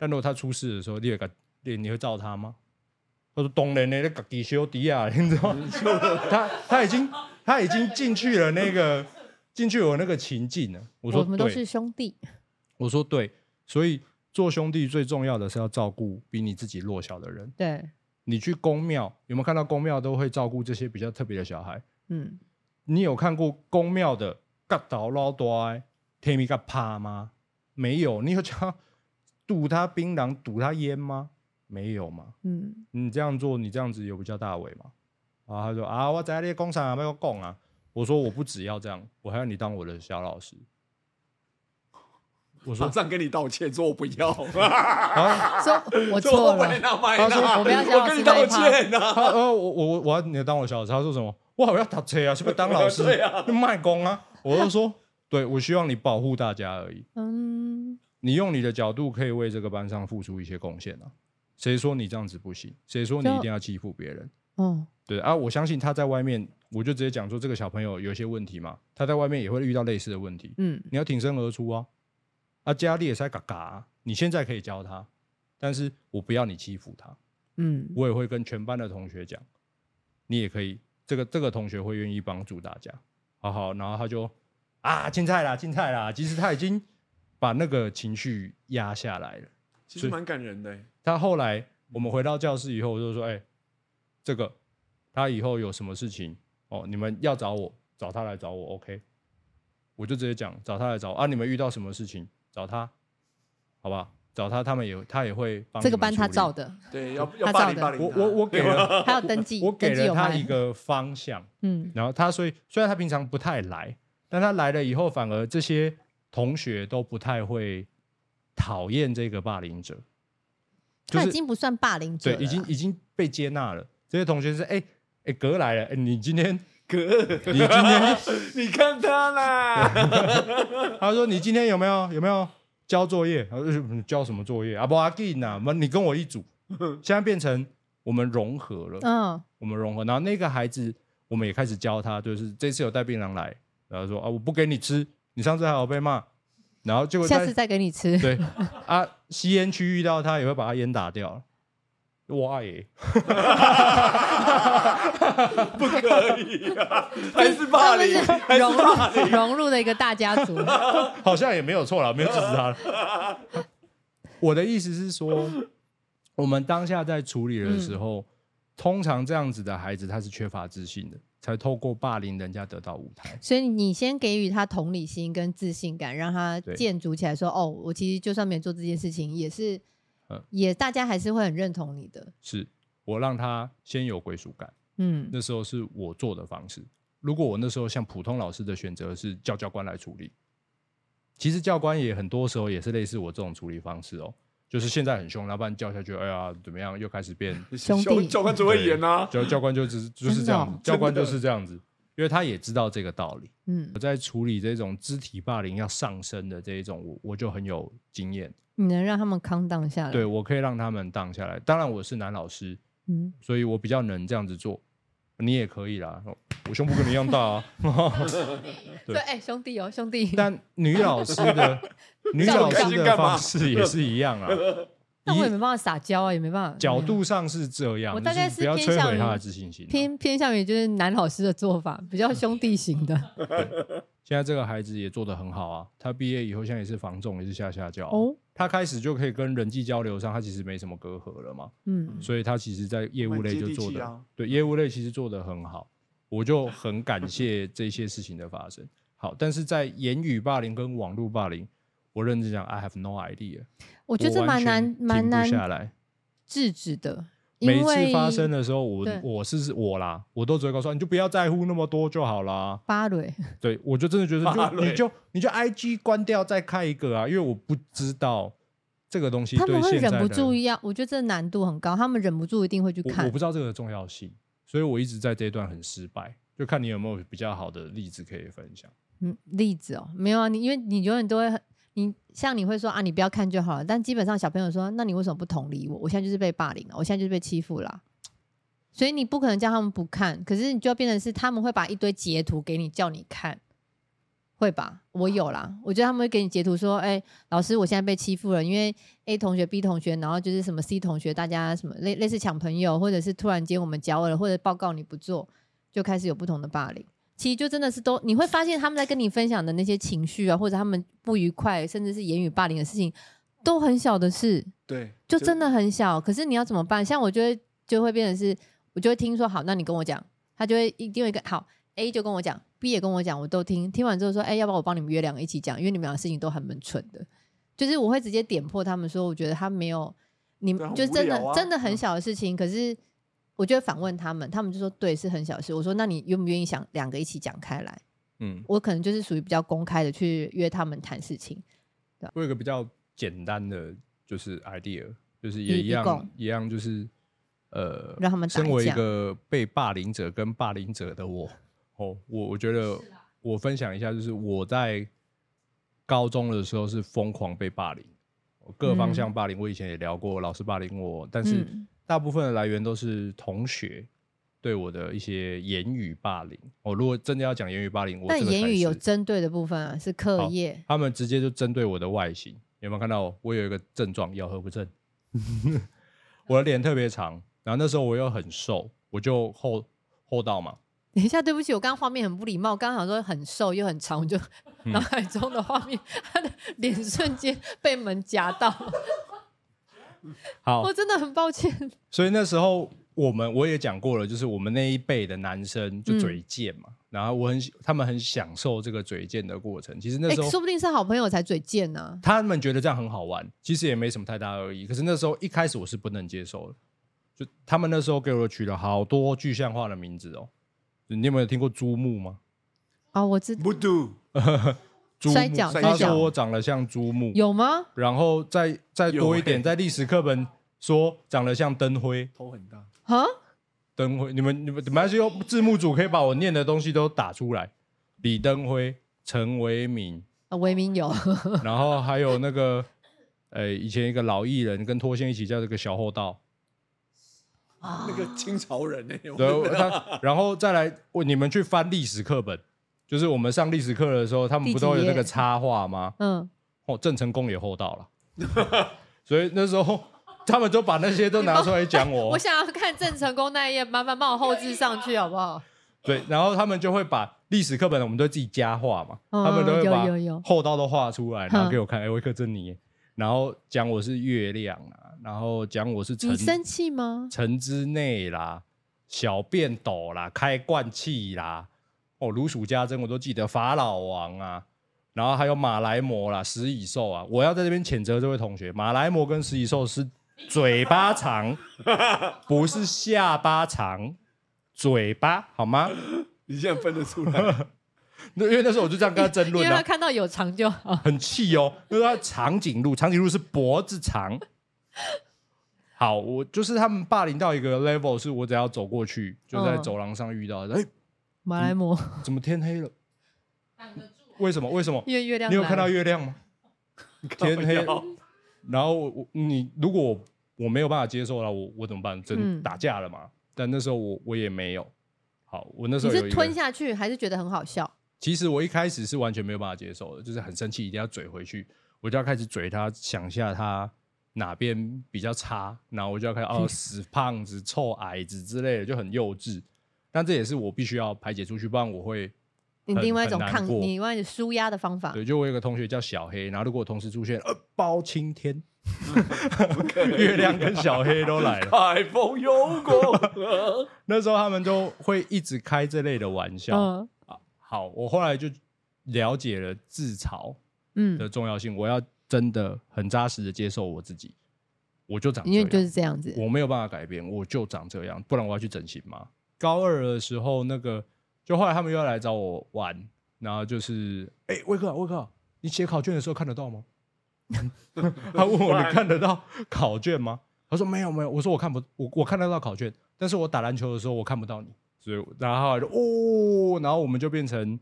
Speaker 2: 但如果他出事的時候，你會幹，你會照他嗎？他說懂了呢，那繼續迪亞，你知道嗎？他他已經他已經進去了那個進去了那個情境了。我說我們都是兄弟。我說對，所以做兄弟最重要的是要照顧比你自己弱小的人。對，你去宮廟有沒有看到宮廟都會照顧這些比較特別的小孩？嗯，你有看過宮廟的噶導老多天米噶趴嗎？沒有，你有講。堵他檳榔，堵他煙嗎？沒有嘛。嗯，你這樣做，你這樣子有比較大尾然啊，他就說，啊說，說啊，我在那些工廠啊賣供啊。我說我不只要這樣，我還要你當我的小老師。我說這樣跟你道歉，說我不要。
Speaker 1: 啊、我了說我錯，說我不要。他說我跟你道歉。啊啊，
Speaker 2: 我啊、呃、我我，我，你要當我小老師？他說什麼？我好像打車啊，是不是當老師 啊？就賣工啊？我就說， 對，我希望你保護大家而已。嗯。你用你的角度可以為這個班上付出一些貢獻啊！誰說你這樣子不行？誰說你一定要欺負別人？對啊，我相信他在外面，我就直接講說這個小朋友有些問題嘛，他在外面也會遇到類似的問題。嗯，你要挺身而出啊！啊，家裡也是在嘎嘎，你現在可以教他，但是我不要你欺負他。嗯，我也會跟全班的同學講，你也可以，這個這個同學會願意幫助大家。好好，然後他就啊，進菜啦，進菜啦！其實他已經。把那個情緒壓下來了，其實蠻感人的。他後來我們回到教室以後，我就說：“哎、欸，這個他以後有什麼事情哦，你們要找我，找他來找我，OK？” 我就直接講：“找他來找啊，你們遇到什麼事情找他，好不好？找他，他們也他也會幫你們處理。”這個班他照的，
Speaker 1: 對，要要照的。我我我
Speaker 2: 給了
Speaker 3: 他要登記我，我給了他一個
Speaker 2: 方向，嗯。然後他所以雖然他平常不太來，嗯、但他來了以後反而這些。同學都不太會討厭這個霸凌者。他已經
Speaker 3: 不算霸凌者，對，已
Speaker 2: 經已經被接納了。這些同學是哎，哎格來了，你今天格，你今天你看他啦。他說你今天有沒有有沒有交作業？他說交什麼作業？阿伯阿金那你跟我一組，現在變成我們融合了，嗯，我們融合。然後那個孩子，我們也開始教他，就是這次有帶檳榔來，然後說啊，我不給你吃。你上次還有被罵，然後就下次再
Speaker 3: 給你吃。對
Speaker 2: 啊，吸煙區遇到他，他也會把他煙打掉了。 哇耶、欸！
Speaker 1: 不可以、啊， 還是霸凌，
Speaker 3: 融融入了 一個大家族，
Speaker 2: 好像也沒有錯了，沒有支持他了。 我的意思是說，我們當下在處理的時候，嗯、通常這樣子的孩子，他是缺乏自信的。才透過霸凌人家得到舞台，
Speaker 3: 所以你先給予他同理心跟自信感，讓他建築起來說，說對哦，我其實就算沒做這件事情，也是，嗯、也大家還是會很認同你的。
Speaker 2: 是我讓他先有歸屬感，嗯，那時候是我做的方式。如果我那時候像普通老師的選擇是叫教官來處理，其實教官也很多時候也是類似我這種處理方式哦。就是現在很兇，然後把你叫下去，哎呀，怎麼樣？又開始變兇。教教官只會演吶，啊。教教官就是就是這樣，教官就是這樣子，因為他也知道這個道理。嗯，我在處理這種肢體霸凌要上升的這一種，我我就很有經驗。
Speaker 3: 你能讓他們扛擋下來？對，
Speaker 2: 我可以讓他們擋下來。當然我是男老師，嗯，所以我比較能這樣子做。你也可以啦，我胸部跟你一樣大啊！ 對，哎、
Speaker 3: 欸，兄弟哦，兄弟。 但女老師的 女老師的方
Speaker 2: 式也是一樣啊。那
Speaker 3: 我，以我也沒辦法撒嬌啊，也沒辦法。角
Speaker 2: 度上是這樣，我大概是偏向於摧毀他的自信心，啊偏，
Speaker 3: 偏偏向於就是男老師的做法，比較兄弟型的。
Speaker 2: 現在這個孩子也做得很好啊，他畢業以後現在也是房仲，也是下下教、啊，哦，他開始就可以跟人際交流上，他其實沒什麼隔閡了嘛。嗯，所以他其實在業務類就做的、啊、對業務類其實做得很好，嗯、我就很感謝這些事情的發生。好，但是在言語霸凌跟網絡霸凌，我認真講，I have no idea，我覺得蠻難蠻難下來
Speaker 3: 難制止的。
Speaker 2: 每一次發生的時候，我對我是我啦，我都只會告訴你：“你就不要在乎那麼多就好啦。芭蕾，對我就真的覺得，蕾你就你就 IG 關掉再開一個啊，因為我不知道這個東西對現在。對，他們會忍不住一
Speaker 3: 樣，我覺得這難度很高。他們忍不住一定會去看我。我不知
Speaker 2: 道這個重要性，所以我一直在這一段很失敗。就看你有沒有比較好的例子可以分享。嗯，
Speaker 3: 例子哦，沒有啊，你因為你永遠都會很。你像你會說啊，你不要看就好了。但基本上小朋友說，那你為什麼不同理我？我現在就是被霸凌了，我現在就是被欺負了啊。所以你不可能叫他們不看，可是你就要變成是他們會把一堆截圖給你叫你看，會吧？我有啦，我覺得他們會給你截圖說，哎，老師，我現在被欺負了，因為 A 同學、B 同學，然後就是什麼 C 同學，大家什麼類類似搶朋友，或者是突然間我們交惡了，或者報告你不做，就開始有不同的霸凌。其實就真的是都你會發現他們在跟你分享的那些情緒啊，或者他們不愉快，甚至是言語霸凌的事情，都很小的事，
Speaker 2: 對，就
Speaker 3: 真的很小。對可是你要怎麼辦？像我就會就會變成是，我就會聽說好，那你跟我講，他就會一定會跟好 A 就跟我講，B 也跟我講，我都聽聽完之後說，哎，要不要我幫你們約兩個一起講？因為你們兩個事情都還蠻蠢、蠢的，就是我會直接點破他們說，我覺得他沒有，你們、啊、就真的、啊、真的很小的事情，嗯、可是。我就會反問他們，他們就說，對是很小事。我說，那你願不願意想兩個一起講開來？嗯，我可能就是屬於比較公開的去約他們談事情。
Speaker 2: 對，我有一個比較簡單的就是 idea，就是也一樣一樣，也一樣，就是呃，讓他們身為一個被霸凌者跟霸凌者的我哦，我我覺得我分享一下，就是我在高中的時候是瘋狂被霸凌，各方向霸凌。我以前也聊過，嗯、老師霸凌我，但是。嗯大部分的來源都是同學對我的一些言語霸凌。我、哦、如果真的要講言語霸凌，我但言語
Speaker 3: 有針對的部分啊，是課業。
Speaker 2: 他們直接就針對我的外形，有沒有看到我？我有一個症狀，咬合不正， 我的臉特別長。然後那時候我又很瘦，我就厚厚到嘛。
Speaker 3: 等一下，對不起，我剛剛畫面很不禮貌。剛好說很瘦又很長，我就腦海中的畫面，嗯、他的臉瞬間被門夾到。好，我真的很抱歉。
Speaker 2: 所以那時候我們，我也講過了，就是我們那一輩的男生就嘴賤嘛，嗯、然後我很他們很享受這個嘴賤的過程。其實那時候、欸、說不
Speaker 3: 定是好朋友才嘴賤呢、
Speaker 2: 啊，他們覺得這樣很好玩，其實也沒什麼太大惡意。可是那時候一開始我是不能接受的，就他們那時候給我取了好多具象化的名字哦。你有沒有聽過珠木嗎？哦，我知道。 山腳，珠角他說我長得像朱木，有嗎？然後再再多一點，欸、在歷史課本說長得像登輝，頭很大。哈，登輝，你們你們還是用字幕組可以把我念的東西都打出來。李登輝、陳為民，
Speaker 3: 啊，為民有。
Speaker 2: 然後還有那個，呃、 欸，以前一個老藝人跟脫線一起叫這個小戽斗，
Speaker 1: 啊，那個清朝人哎。對，
Speaker 2: 然後再來，我你們去翻歷史課本。就是我們上歷史課的時候，他們不都有那個插畫嗎？
Speaker 1: 嗯，
Speaker 2: 哦，鄭成功也厚道了， 所以那時候他們都把那些都拿出來講我。我
Speaker 3: 想要看鄭成功那一頁，麻煩幫我後製上去好不好？啊、
Speaker 2: 對，然後他們就會把歷史課本，我們都自己加畫嘛，啊、他們都會把厚道都畫出來然後給我看。欸，威克真你，然後講我是月亮啊，然後講我是陳，你生
Speaker 3: 氣嗎？
Speaker 2: 陳之內啦，小便斗啦，開罐器啦。哦，如數家珍，我都記得法老王啊，然後還有馬來貘啦、食蟻獸啊。我要在這邊譴責這位同學，馬來貘跟食蟻獸是嘴巴長， 不是下巴長，嘴巴好嗎？你現在分得出來？那 因為那時候我就這樣跟他爭論、啊、他
Speaker 3: 看到有長就
Speaker 2: 好。很氣哦，因、就、為、是、長頸鹿， 長頸鹿是脖子長。好，我就是他們霸凌到一個 level，是我只要走過去就在走廊上遇到的，的、嗯欸馬來模怎麼天黑了？擋得住？為什麼？為什麼？因為月亮。你有看到月亮嗎？天黑了。然後我，你如果我沒有辦法接受了，我我怎麼辦？真打架了嘛？但那時候我我也沒有。好，我那時候你是吞
Speaker 3: 下去還是覺得很好笑？
Speaker 2: 其實我一開始是完全沒有辦法接受的，就是很生氣，一定要懟回去。我就要開始懟他，想下他哪邊比較差，然後我就要開始哦死胖子、臭矮子之類的，就很幼稚。但這也是我必須要排解出去，不然我會。你另外一種抗議，另
Speaker 3: 外一種舒壓的方法。
Speaker 2: 對，就我有一個同學叫小黑，然後如果同時出現呃，包青天，
Speaker 1: 月亮跟小黑都來
Speaker 2: 了，海風
Speaker 1: 有過。
Speaker 2: 那時候他們就會一直開這類的玩笑。嗯、啊，好，我後來就了解了自嘲嗯的重要性。嗯、我要真的很扎實的接受我自己，我就長這樣，因為就是這樣子，我沒有辦法改變，我就長這樣，不然我要去整形嗎？高二的時候，那個就後來他們又要來找我玩，然後就是，哎、欸，威克威克，你寫考卷的時候看得到嗎？ 他問我，你看得到考卷嗎？他說沒有沒有，我說我看不我我看得到考卷，但是我打籃球的時候我看不到你，所以然後來就哦，然後我們就變成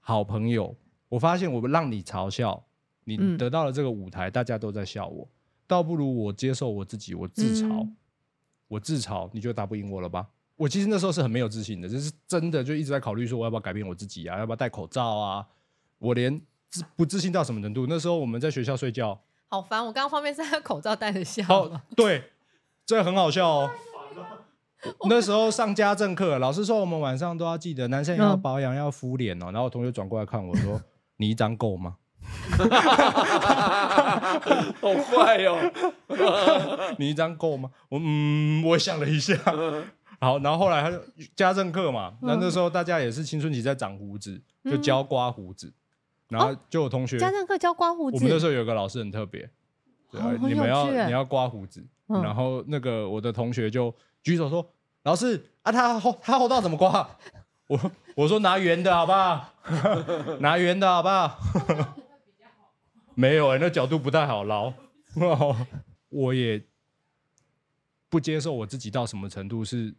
Speaker 2: 好朋友。我發現我讓你嘲笑，你得到了這個舞台，嗯、大家都在笑我，倒不如我接受我自己，我自嘲，嗯、我自嘲，你就打不贏我了吧。我其實那時候是很沒有自信的，就是真的就一直在考慮說我要不要改變我自己啊，要不要戴口罩啊？我連自不自信到什麼程度？那時候我們在學校睡覺，
Speaker 3: 好煩！我剛剛方便是戴口罩戴着笑。
Speaker 2: 好，對，這個很好笑哦、喔。啊、那時候上家政課，老師說我們晚上都要記得男生要保養、嗯、要敷臉哦、喔。然後我同學轉過來看我說：“ 你一張夠嗎？”
Speaker 3: 好壞壞哦、喔！
Speaker 2: 你一張夠嗎？我嗯，我想了一下。好，然後後來他就家政課嘛，嗯、那那時候大家也是青春期在長鬍子，就教刮鬍子，嗯、然後就有同學家政
Speaker 3: 課教刮鬍子。我們那時候
Speaker 2: 有個老師很特別，對、啊，哦、你們要你要刮鬍子，嗯、然後那個我的同學就舉手說，老師啊，他後他後道怎麼刮？我我說拿圓的好不好？ 拿圓的好不好？ 沒有、欸、那角度不太好撈， 我也不接受我自己到什麼程度是。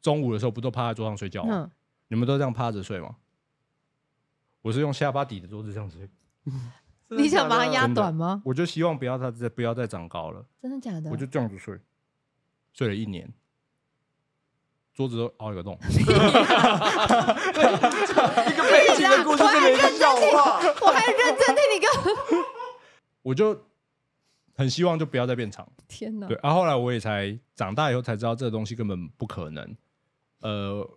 Speaker 2: 中午的時候不都趴在桌上睡覺嗎？你們都這樣趴着睡嗎？我是用下巴抵着桌子這樣睡。
Speaker 3: 你想把它壓短嗎？
Speaker 2: 我就希望不要它再不要再長高了。真的假的？我就這樣子睡，睡了一年，桌子都凹一個洞。一個悲情的故事，我還
Speaker 1: 認真聽，我還
Speaker 3: 認真聽你講。
Speaker 2: 我就很希望就不要再變長。天哪！對啊，後來我也才長大以後才知道，這個東西根本不可能。呃，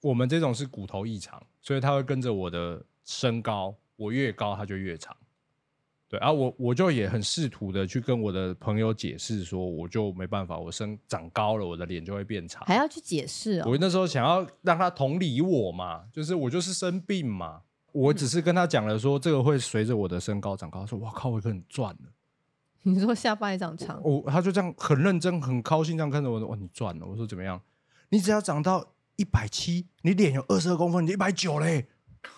Speaker 2: 我們這種是骨頭異常，所以他會跟着我的身高，我越高它就越長。對，然、啊、後我我就也很試圖的去跟我的朋友解釋說，我就沒辦法，我生長高了，我的臉就會變長。還要去解釋、哦？我那時候想要讓他同理我嘛，就是我就是生病嘛，我只是跟他講了說、嗯、這個會隨着我的身高長高。他說哇靠，我一個人賺
Speaker 3: 了。你說下巴也長長？
Speaker 2: 我，我他就這樣很認真、很高興這樣看着我，說哇你賺了。我說怎麼樣？你只要長到一百七，你臉有二十二公分，你一百九嘞，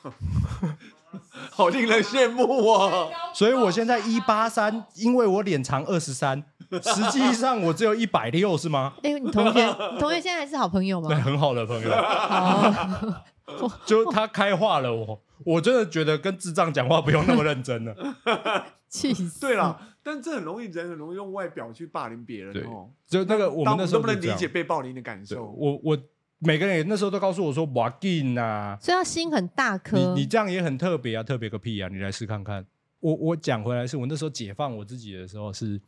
Speaker 1: 好令人羨慕哦！
Speaker 2: 所以我現在一八三，因為我臉長二十三，實際上我只有一百六是嗎？為、欸、你同學，你同學
Speaker 3: 現在還是好
Speaker 1: 朋友嗎？對、欸，
Speaker 2: 很好的朋友。就他開化了我，我真的覺得，跟智障講話不用那麼認真了。
Speaker 1: 氣 死！對了。對但這很容易，人很容易用外表去霸凌別人哦。
Speaker 2: 就那個我們，都不能理解
Speaker 1: 被霸凌的感受。我
Speaker 2: 我每個人也那時候都告訴我說：“哇，勁啊！”
Speaker 1: 所以
Speaker 3: 心很大顆。你你
Speaker 2: 這樣也很特別啊，特別個屁啊！你來試看看。我我講回來是，是我那時候解放我自己的時候是，是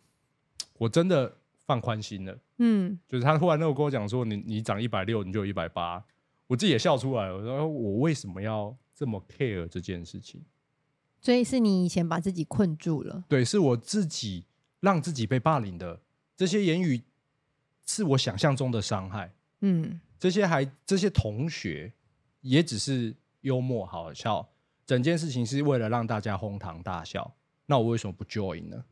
Speaker 2: 我真的放寬心了。嗯，就是他忽然那會跟我講說：“你你長一百六，你就有一百八。”我自己也笑出來，我說：“我為什麼要這麼 care 這件事情？”
Speaker 3: 所以是你以前把自己困住了。
Speaker 2: 對，是我自己讓自己被霸凌的這些言語，是我想象中的傷害。嗯，這些還這些同學也只是幽默好笑，整件事情是為了讓大家哄堂大笑。那我為什麼不 join 呢？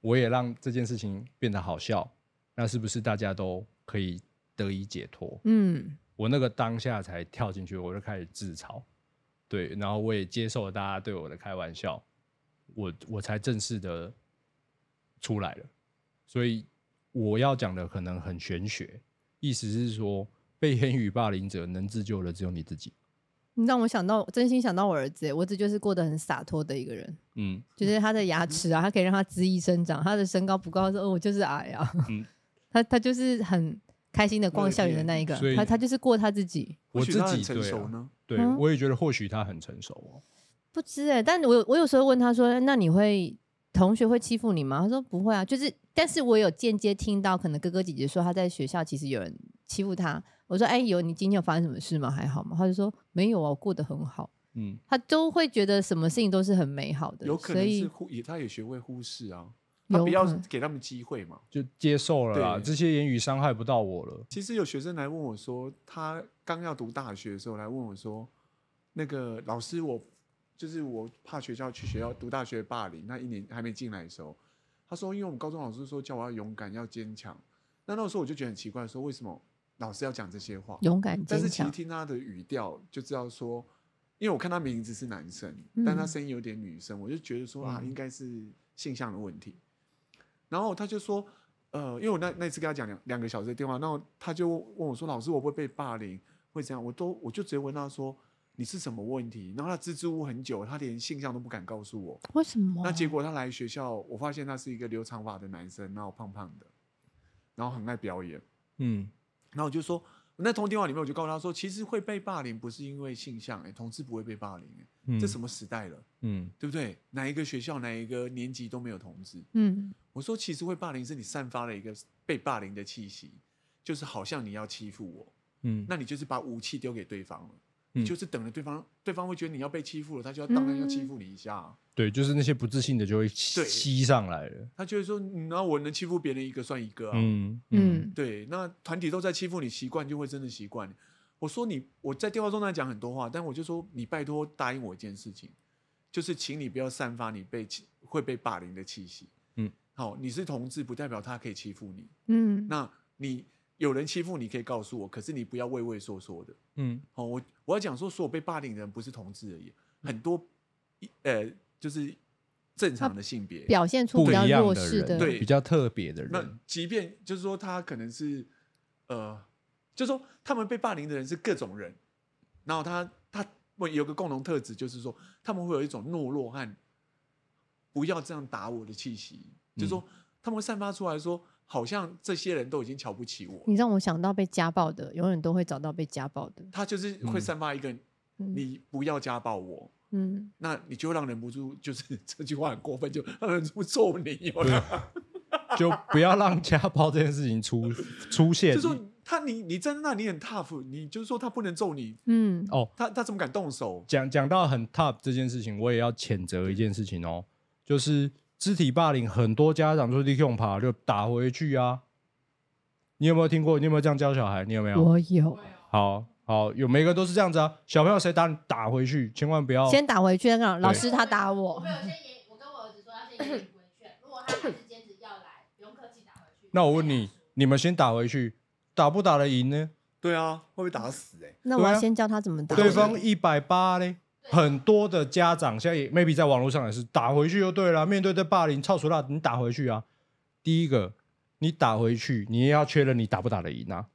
Speaker 2: 我也讓這件事情變得好笑，那是不是大家都可以得以解脫？嗯，我那個當下才跳進去，我就開始自嘲。對，然後我也接受了大家對我的開玩笑，我我才正式的出來了。所以我要講的可能很玄學，意思是說，被言語霸凌者能自救的只有你自己。
Speaker 3: 你讓我想到，真心想到我兒子，我兒子就是過得很灑脫的一個人。嗯，就是他的牙齒啊，他可以讓他恣意生長。他的身高不高，他說我、哦、就是矮啊。嗯，他他就是很開心的逛校園的那一個，他他就是過他自己。我自己成熟呢，對、啊，對，嗯、我
Speaker 2: 也覺得或許他很成熟哦、喔，
Speaker 3: 不知哎、欸，但我有我有時候問他說：“那你會同學會欺負你嗎？”他說：“不會啊。”就是，但是我有間接聽到，可能哥哥姐姐說他在學校其實有人欺負他。我說：“哎、欸，有你今天有發生什麼事嗎？還好嗎？”他就說：“沒有啊，我過得很好。”嗯，他都會覺得什麼事情都是很美好的，有可能
Speaker 1: 是以他也學會忽視啊。他不要給他們機會嘛、啊，
Speaker 2: 就接受了啊對這些言語傷害不到我了。
Speaker 1: 其實有學生來問我說，他剛要讀大學的時候來問我說，那個老師我，我就是我怕學校去學校讀大學霸凌。那一年還沒進來的時候，他說，因為我們高中老師說叫我要勇敢要堅強。那那時候我就覺得很奇怪，說為什麼老師要講這些話？勇敢，但是其實聽他的語調就知、是、道說，因為我看他名字是男生，嗯、但他聲音有點女生，我就覺得說啊，嗯、應該是性向的問題。然後他就說，呃，因為我那那一次跟他講兩兩個小時的電話，然後他就問我說：“老師，我會被霸凌，會怎樣？”我都我就直接問他說：“你是什麼問題？”然後他支支吾吾很久，他連性向都不敢告訴我。
Speaker 3: 為什麼？那結
Speaker 1: 果他來學校，我發現他是一個留長髮的男生，然後胖胖的，然後很愛表演。嗯，然後我就說。那通電話裡面，我就告訴他說，其實會被霸凌不是因為性向，誒，同志不會被霸凌，欸，嗯，這什麼時代了，嗯，對不對？哪一個學校哪一個年級都沒有同志，嗯，我說其實會霸凌是你散發了一個被霸凌的氣息，就是好像你要欺負我，嗯，那你就是把武器丟給對方了。你就是等着對方，對方會覺得你要被欺負了，他就要當然要欺負你一下，啊嗯。
Speaker 2: 對，就是那些不自信的就會欺對上來了。
Speaker 1: 他就會說：“那、嗯、我能欺負別人一個算一個啊。嗯”嗯嗯，對。那團體都在欺負你，習慣就會真的習慣。我說你，我在電話中在講很多話，但我就說你拜托答應我一件事情，就是請你不要散發你被會被霸凌的氣息。嗯，好，你是同志，不代表他可以欺負你。嗯，那你。有人欺負你，可以告訴我，可是你不要畏畏縮縮的。嗯，好、哦，我我要講說，所有被霸凌的人不是同志而已，嗯、很多，呃，就是正常的性別表現出比較弱勢的，對，對比較特別的人。那即便就是說，他可能是，呃，就說他們被霸凌的人是各種人，然後他他有個共同特質，就是說他們會有一種懦弱和不要這樣打我的氣息，嗯、就說他們會散發出來說。好像這些人都已經瞧不起我。
Speaker 3: 你讓我想到被家暴的，永遠都會找到被家暴的。
Speaker 1: 他就是會散發一個，嗯、你不要家暴我。嗯，那你就讓忍不住，就是這句話很過分，就忍不住揍你。對
Speaker 2: 就不要讓家暴這件事情出 出現。就是說
Speaker 1: 他，你你在那裡很 tough，你就是說他不能揍你。嗯，哦，他他怎麼敢動手？
Speaker 2: 講講到很 tough 這件事情，我也要譴責一件事情哦，就是。肢體霸凌，很多家長說利用怕就打回去啊。你有沒有聽過？你有沒有這樣教小孩？你有沒有？我有。好好，有每個都是這樣子啊。小朋友，誰打你打回去，千萬不要。先打回
Speaker 3: 去，啊，對老師他打我，我。我跟我兒子說，他先打回去，啊。 如果他還是堅持要來，不用
Speaker 2: 客氣打回去。那我問你， 你們先打回去，打不打得贏呢？對啊，會不
Speaker 1: 會打死，
Speaker 2: 欸
Speaker 3: 啊、那我要先教他怎麼打。對方一
Speaker 2: 百八嘞。很多的家長現在也 maybe 在網絡上也是打回去就對了。面對的霸凌，操手辣，你打回去啊。第一個，你打回去，你也要確認你打不打得贏啊。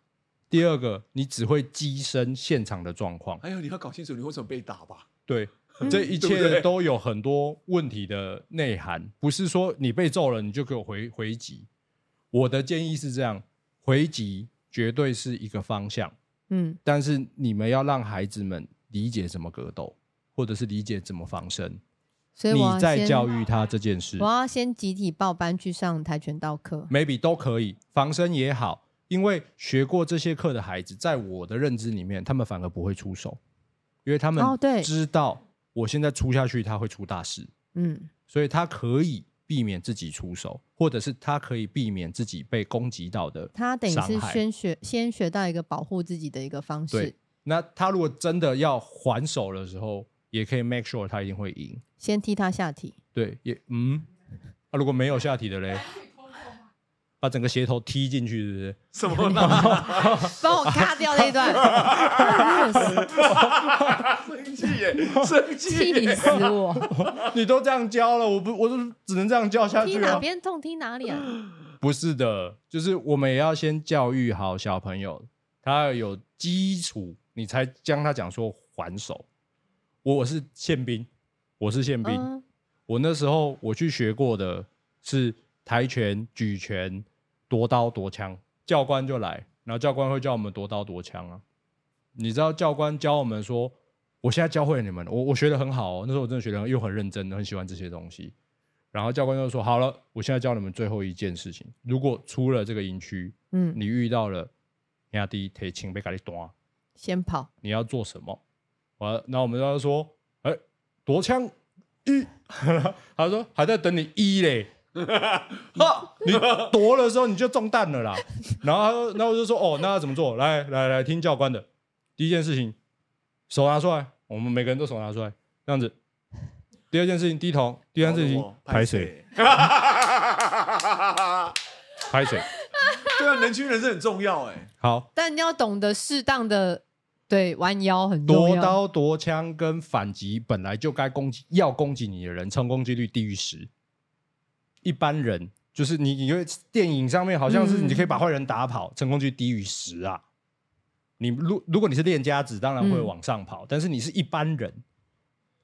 Speaker 2: 第二個，你只會激升現場的狀況。
Speaker 1: 哎呦，你要搞清楚你為什麼被打吧。
Speaker 2: 對，嗯、這一切都有很多問題的內涵，不是說你被揍了，你就給我回回擊。我的建議是這樣，回擊絕對是一個方向。嗯，但是你們要讓孩子們理解什麼格鬥。或者是理解怎麼防身，所以在教育他這件事。我
Speaker 3: 要先集體報班去上跆拳道課
Speaker 2: ，maybe 都可以防身也好，因為學過這些課的孩子，在我的認知裡面，他們反而不會出手，因為他們知道、哦、對、我現在出下去他會出大事，嗯，所以他可以避免自己出手，或者是他可以避免自己被攻擊到的。他等於是先
Speaker 3: 學先學到一個保護自己的一個方式。對，
Speaker 2: 那他如果真的要還手的時候。也可以 make sure 他一定會贏。
Speaker 3: 先踢他下體。
Speaker 2: 對，也嗯啊，如果沒有下體的嘞，把整個鞋頭踢進去，是不是？什麼呢？幫 我卡掉那段。生氣耶！生氣 死我！ 你都這樣教了，我不，我都只能這樣教下去啊。踢哪
Speaker 3: 邊痛，踢哪裡啊？
Speaker 2: 不是的，就是我們也要先教育好小朋友，他要有基礎，你才將他講說還手。我是憲兵，我是憲兵。Uh, 我那時候我去學過的是跆拳、舉拳、奪刀、奪槍。教官就來，然後教官會教我們奪刀奪槍啊。你知道教官教我們說，我現在教會你們，我我學得很好哦。那時候我真的學得又很認真，很喜歡這些東西。然後教官就說，好了，我現在教你們最後一件事情。如果出了這個營區，嗯，你遇到了亞弟提槍被咖哩斷，
Speaker 3: 先跑。
Speaker 2: 你要做什麼？完、啊，然後我們就要說，哎，奪槍一，呃、他說還在等你一嘞， 你奪的時候你就中彈了啦。然後他說，那我就說，哦，那要怎麼做？來來來，聽教官的。第一件事情，手拿出來，我們每個人都手拿出來，這樣子。第二件事情，低頭。第三件事情，排水。
Speaker 1: 排水。嗯、水，對啊，年輕人是很重要誒、欸，好。但你要懂得
Speaker 3: 適當的。對，彎腰很重要。奪刀
Speaker 2: 奪槍跟反擊本來就該攻擊要攻擊你的人，成功幾率低於十。一般人就是你，你因為電影上面好像是你可以把壞人打跑，嗯、成功率低於十啊。你如如果你是練家子，當然會往上跑，嗯、但是你是一般人，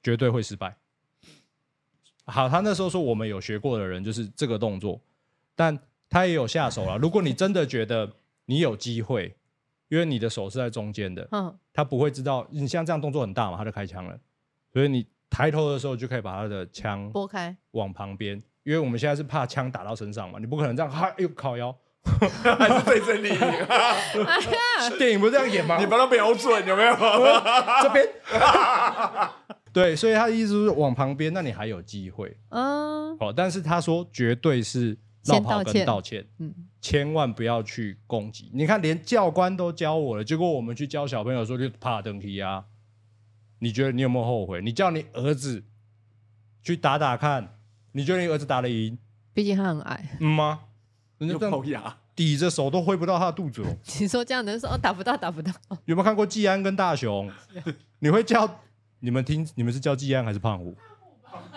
Speaker 2: 絕對會失敗。好，他那時候說我們有學過的人就是這個動作，但他也有下手了。如果你真的覺得你有機會。因為你的手是在中間的，嗯、他不會知道你像這樣動作很大嘛，他就開槍了。所以你抬頭的時候就可以把他的槍撥開，往旁邊。因為我們現在是怕槍打到身上嘛，你不可能這樣哈！哎呦靠腰， 還是對着你。電影不是這樣
Speaker 1: 演嗎？你把它瞄準有沒有？ 這邊？
Speaker 2: 對，所以他的意思是往旁邊，那你還有機會、嗯、好、但是他說絕對是。先道歉，道歉，道歉嗯，千萬不要去攻擊。你看，連教官都教我了，結果我們去教小朋友說就爬登梯呀。」你覺得你有沒有後悔？你叫你兒子去打打看，你覺得你兒子打得贏？畢竟他很矮嗯，嗎？又齙牙，抵着手都揮不到他的肚子、哦。 你
Speaker 3: 說這樣能說哦打不到打不
Speaker 2: 到？不到 有沒有看過技安跟大雄？啊、 你會叫你們聽？你們是叫技安還是胖虎？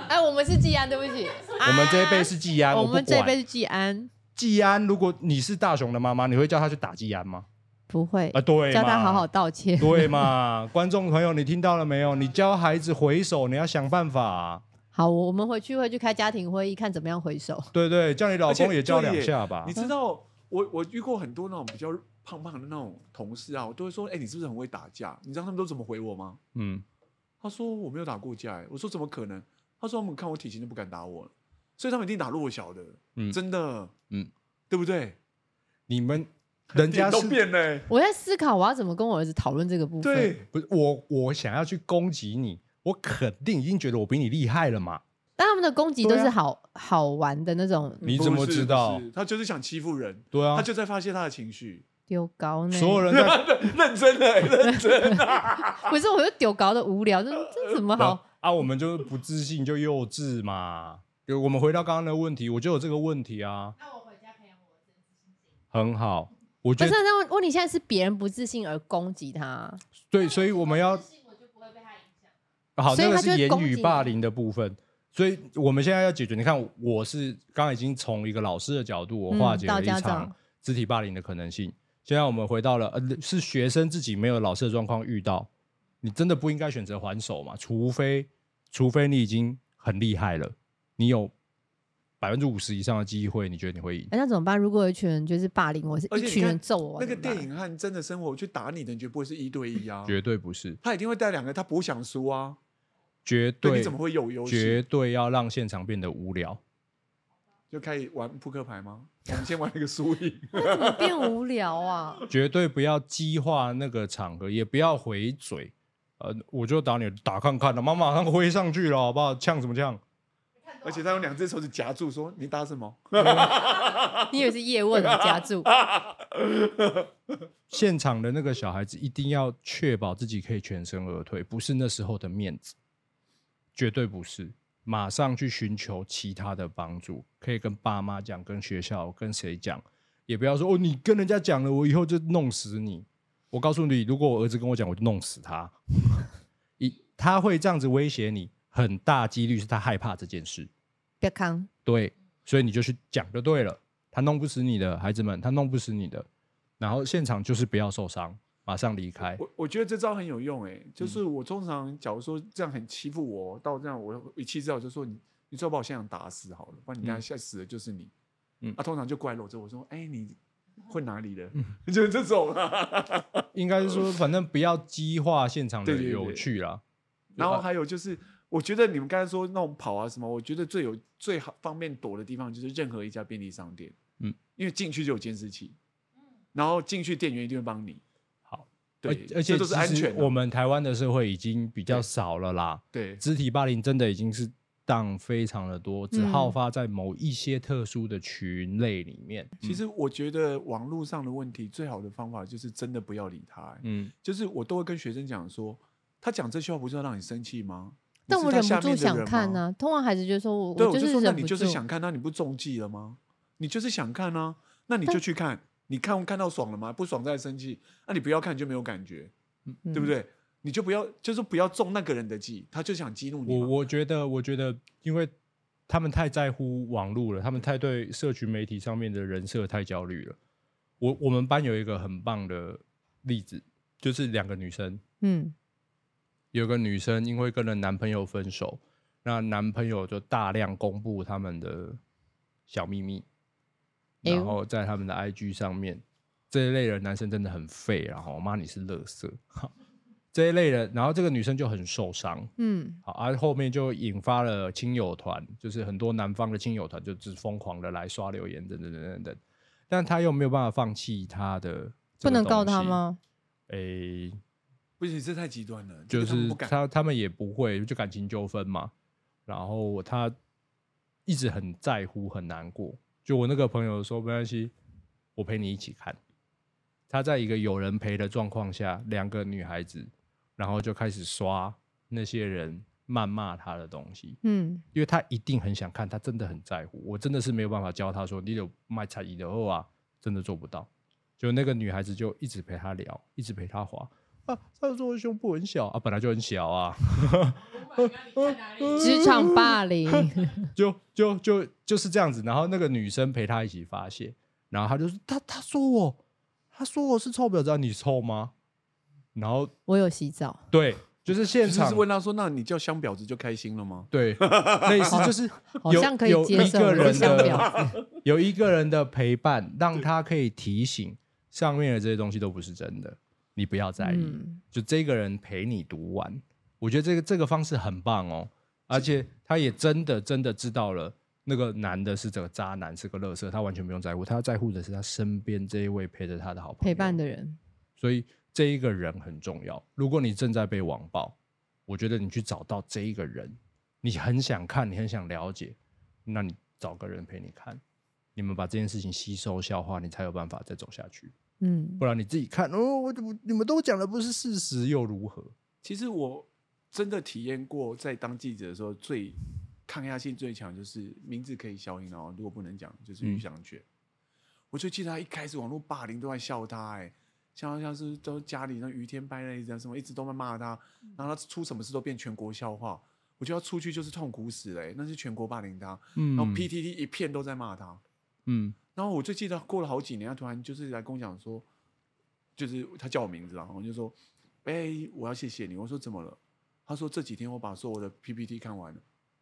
Speaker 3: 哎、欸，我們是技安，對不起。啊、我
Speaker 2: 們這一輩是技安，我們這一輩是技安。技安，如果你是大雄的媽媽，你會叫他去打技安嗎？不會。啊、對。叫他好好道歉。對嘛， 觀眾朋友，你聽到了沒有？你教孩子回手，你要想辦法、啊。好，我們回
Speaker 3: 去會去開家庭會議，看怎麼樣回手。對，
Speaker 2: 對對，叫你老公也教兩下吧。你知
Speaker 1: 道、嗯、我我遇過很多那種比較胖胖的那種同事啊，我都會說，哎、欸，你是不是很會打架？你知道他們都怎麼回我嗎？嗯，他說我沒有打過架、欸。哎，我說怎麼可能？他說：“他們看我體型就不敢打我，所以他們一定打弱小的。”嗯，真的，嗯，對不對？你們人家都變了。
Speaker 3: 我在思考我要怎
Speaker 2: 麼跟我兒子討論這個部分。對，不是我，我想要去攻擊你，我肯定已經覺得我比你厲害了嘛？
Speaker 3: 但他們的攻擊都是好、啊、好玩的那種。
Speaker 2: 你怎麼知道？
Speaker 1: 他就是想欺負人。對啊，他就在發洩他的情緒。
Speaker 3: 丟高呢？所有人
Speaker 1: 認真的、欸，認真的、啊。
Speaker 3: 可 是我又丟高的無聊，這這怎麼好？
Speaker 1: 啊那、啊、我們
Speaker 2: 就不自信就幼稚嘛？我們回到剛剛的問題，我就有這個問題啊。啊很好，我覺得。但是
Speaker 3: 那問問題現在是別人不自信而攻擊他。
Speaker 2: 對，所以我們要。以他，他好，這個是言語霸凌的部分。所以我們現在要解決。你看，我是剛剛已經從一個老師的角度，我化解了一場肢體霸凌的可能性。嗯、現在我們回到了、呃，是學生自己沒有老師的狀況遇到，你真的不應該選擇還手嗎？除非。除非你已經很厲害了，你有百分之五十以上的機會，你覺得你會
Speaker 1: 贏？
Speaker 3: 哎，那怎麼辦？如果有一群人就是霸凌我，是一群人揍我，我那個
Speaker 1: 電影和真的生活，我去打你的人絕不會是一對一啊，絕對不是，他一定會帶兩個，他不想輸啊，絕對，對，你怎麼會有優勢？絕
Speaker 2: 對要讓現場變得無聊，
Speaker 1: 就可以玩撲克牌嗎？我們先玩一個輸贏，
Speaker 3: 變無聊啊，
Speaker 2: 絕對不要激化那個場合，也不要回嘴。呃，我就打你，打看看了，媽馬上揮上去了，好不好？嗆什麼嗆？
Speaker 1: 而且他用兩隻手指夾住，說你打什麼？ 你以為是葉問啊？夾住！
Speaker 2: 現場的那個小孩子一定要確保自己可以全身而退，不是那時候的面子，絕對不是。馬上去尋求其他的幫助，可以跟爸媽講，跟學校，跟誰講，也不要說哦，你跟人家講了，我以後就弄死你。我告訴你，如果我兒子跟我講，我就弄死他。一， 他會這樣子威脅你，很大幾率是他害怕這件事。
Speaker 3: 要看抗。
Speaker 2: 對，所以你就去講就對了。他弄不死你的，孩子們，他弄不死你的。然後現場就是不要受傷，馬上離開。
Speaker 1: 我我覺得這招很有用哎、欸，就是我通常假如說這樣很欺負我，嗯、到這樣我一氣之下，我就說你，你只把我現場打死好了，不然你家嚇死的就是你。嗯，啊，通常就怪我這，我說，哎、欸，你。混哪裡的？嗯、就這種、啊，應該是說，反
Speaker 2: 正不要激化現場的有趣啦。
Speaker 1: 然後還有就是，我覺得你們剛才說那種跑啊什麼，我覺得最有最好方便躲的地方就是任何一家便利商店。嗯，因為進去就有監視器，嗯，然後進去店員一定會幫你。
Speaker 2: 好，對，而而且就是安全。我們台灣的社會已經比較少了啦。對，肢體霸凌真的已經是。當非常的多，只好發在某一些特殊的群類
Speaker 1: 裡面。嗯、其實我覺得網絡上的問題，最好的方法就是真的不要理他、欸。嗯，就是我都會跟學生講說，他講這句話不是要讓你生氣嗎？但我忍不住想，想看
Speaker 3: 呢、啊。通常孩子就說我對，我就是我就說那你就是想
Speaker 1: 看，那你不中計了嗎？你就是想看呢、啊，那你就去看。但你看看到爽了嗎？不爽再生氣，那你不要看就沒有感覺，嗯、對不對？嗯你就不要，就是不要中那個人的計，他就想激怒你。我我
Speaker 2: 覺得，我覺得，因為他們太在乎網絡了，他們太對社群媒體上面的人設太焦慮了。我我們班有一個很棒的例子，就是兩個女生，嗯，有個女生因為跟了男朋友分手，那男朋友就大量公布他們的小秘密，哎、呦然後在他們的 IG 上面，這一類的男生真的很廢，然後我罵你是垃圾。這一類人，然後這個女生就很受傷，嗯，好，而、啊、後面就引發了親友團，就是很多男方的親友團就只瘋狂的來刷留言，等等等等等，但他又沒有辦法放棄他的，不能告他嗎？哎、欸，
Speaker 1: 不行，這太極端了，這個、就是他
Speaker 2: 他們也不會，就感情糾紛嘛。然後他一直很在乎，很難過。就我那個朋友說沒關係，我陪你一起看。他在一個有人陪的狀況下，兩個女孩子。然後就開始刷那些人謾罵他的東西，嗯，因為他一定很想看，他真的很在乎。我真的是沒有辦法教他說，你有賣慘的慾望啊，真的做不到。就那個女孩子就一直陪他聊，一直陪他滑啊。他說我胸部很小啊，本來就很小啊。職場霸凌，就就就就是這樣子。然後那個女生陪他一起發洩，然後他就是他他說我，他說我是臭婊子，你臭嗎？
Speaker 1: 然後我有洗澡，對，就是現場其實是問他說：“那你叫香婊子就開心了嗎？”對，類似 就是，好像可以接受有一個人的 有
Speaker 2: 一個人的陪伴，讓他可以提醒對上面的這些東西都不是真的，你不要在意。嗯、就這個人陪你讀完，我覺得這個這個方式很棒哦，而且他也真的真的知道了那個男的是這個渣男，是個樂色，他完全不用在乎，他在乎的是他身邊這一位陪着他的好朋友
Speaker 3: 陪伴的人，
Speaker 2: 所以。這一個人很重要。如果你正在被網暴，我覺得你去找到這一個人，你很想看，你很想了解，那你找個人陪你看，你們把這件事情吸收消化，你才有辦法再走下去。嗯，不然你自己看哦，我怎麼你們都講的不是事實又如何？
Speaker 1: 其實我真的體驗過，在當記者的時候，最抗壓性最強就是名字可以消音哦，如果不能講就是玉想絕。嗯。我最記得他一開始網絡霸凌都在笑他，哎。像像是都家裡那雨天班那一隻什麼一直都在罵他，然後他出什麼事都變全國笑話，我就要出去就是痛苦死嘞、欸，那是全國霸凌他，嗯、然後 PTT 一片都在罵他，嗯，然後我最記得過了好幾年，他突然就是來跟我講說，就是他叫我名字，然後我就說，哎、欸，我要謝謝你，我說怎麼了？他說這幾天我把所有的 PPT 看完了，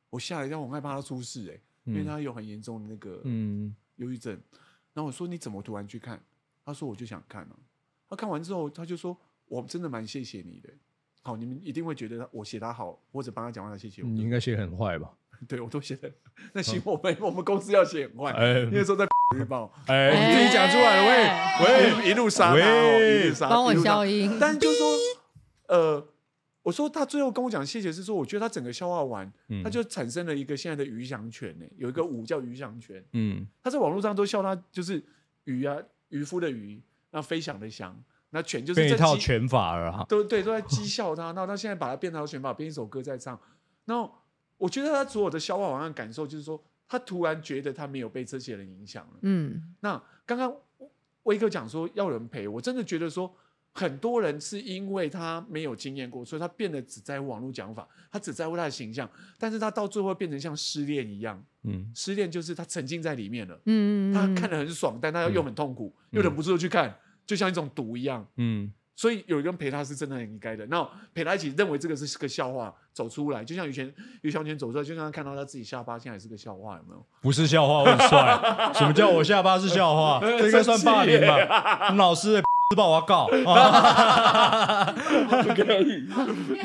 Speaker 1: 我嚇了一跳，我害怕他出事哎、欸，因為他有很嚴重的那個嗯憂鬱症，然後我說你怎麼突然去看？他說我就想看啊。他看完之後，他就說：“我真的蠻謝謝你的。好，你們一定會覺得我寫他好，或者幫他講話，他謝謝我。你應該
Speaker 2: 寫很壞吧？
Speaker 1: 對我都寫的。那行，我們我們公司要寫很壞。那時候在日報，你自己講出來了，我也一路殺喂一路殺。幫我消音。但就是說，呃，我說他最後跟我講謝謝是說，我覺得他整個消化完，他就產生了一個現在的魚翔犬呢，有一個舞叫魚翔犬。嗯，他在網絡上都笑他，就是魚啊，漁夫的魚。”那飛翔的翔，那拳就是這套拳
Speaker 2: 法了哈、啊。都
Speaker 1: 對，都在譏笑他。 那他現在把它變成拳法，變一首歌在唱。那我覺得他所有的消化完的感受就是說，他突然覺得他沒有被這些人影響了。嗯。那剛剛威哥講說要人陪，我真的覺得說很多人是因為他沒有經驗過，所以他變得只在乎網絡講法，他只在乎他的形象，但是他到最後變成像失戀一樣。嗯。失戀就是他沉浸在裡面了。嗯，他看得很爽，但他又很痛苦，嗯、又忍不住去看。就像一種毒一樣，嗯，所以有一個人陪他是真的很應該的。那陪他一起認為這個是個笑話走出來，就像於謙於香前走出來，就像他看到他自己下巴現在是個笑話，有沒有？
Speaker 2: 不是笑話，我很帥。 什麼叫我下巴是笑話？ 這應該算霸凌吧 老師、欸。是爆，我要告，不
Speaker 1: 可以，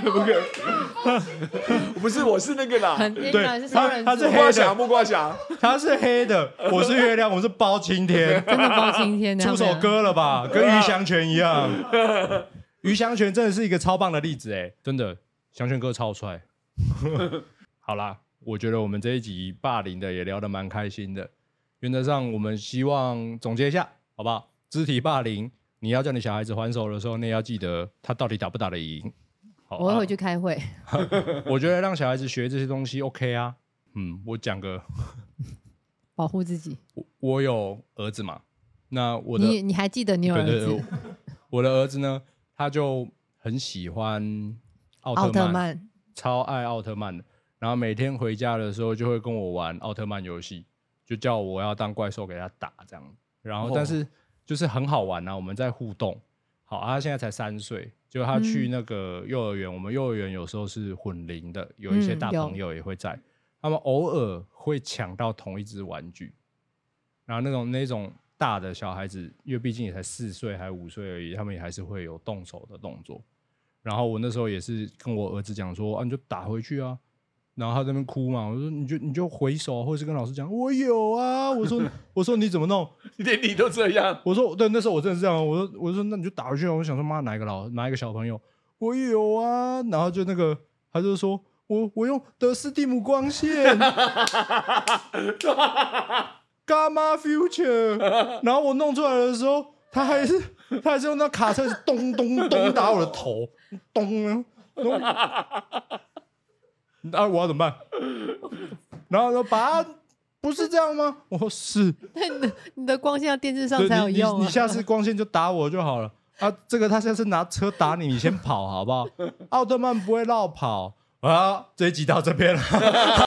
Speaker 1: 不可以，不是，我是那個啦，對，他是黑的，木瓜
Speaker 2: 俠，他是黑的，我是月亮，我是包青天，真的包青天，出首歌了吧，跟余香泉一樣，余香泉真的是一個超棒的例子，欸，真的，香泉哥超帥，好啦，我覺得我們這一集霸凌的也聊得蠻開心的，原則上我們希望總結一下，好不好？肢體霸凌。你要叫你小孩子還手的時候，你也要記得他到底打不打得贏。好啊，我要
Speaker 3: 回去開會。 我覺得
Speaker 2: 讓小孩子學這些東西 OK 啊。嗯，我講個
Speaker 3: 保護自己。
Speaker 2: 我，我有兒子嘛？那我的你你還記得你有兒子？對對對，我，我的兒子呢，他就很喜歡奧特曼，奧特曼，超愛奧特曼的。然後每天回家的時候就會跟我玩奧特曼遊戲，就叫我要當怪獸給他打這樣。然後但是。哦就是很好玩啊，我們在互動。好，他現在才三歲，就他去那個幼兒園，嗯、我們幼兒園有時候是混齡的，有一些大朋友也會在，嗯、他們偶爾會搶到同一隻玩具，然後那種那種大的小孩子，因為畢竟也才四歲還五歲而已，他們也還是會有動手的動作。然後我那時候也是跟我兒子講說，啊，你就打回去啊。然後他在那邊哭嘛，我說你就你就回首、啊，或者是跟老師講我有啊。我說 我說你怎麼弄，你連你都這樣。我說對，那時候我真的是這樣。我說我說那你就打回去。我想說媽哪一個老哪一個小朋友我有啊。然後就那個他就說我我用德斯蒂姆光線伽馬 future。然後我弄出來的時候，他還是他還是用那卡車是咚,咚咚咚打我的頭咚、啊、咚。那、啊、我要怎麼辦？然後說把它，不是這樣嗎？我說是
Speaker 3: 對。那你的光線要電視上才有用，你下次
Speaker 2: 光線就打我就好了。 啊，這個他下次拿車打你，你先跑好不好？奧特曼不會落跑，我要這一集到這邊了。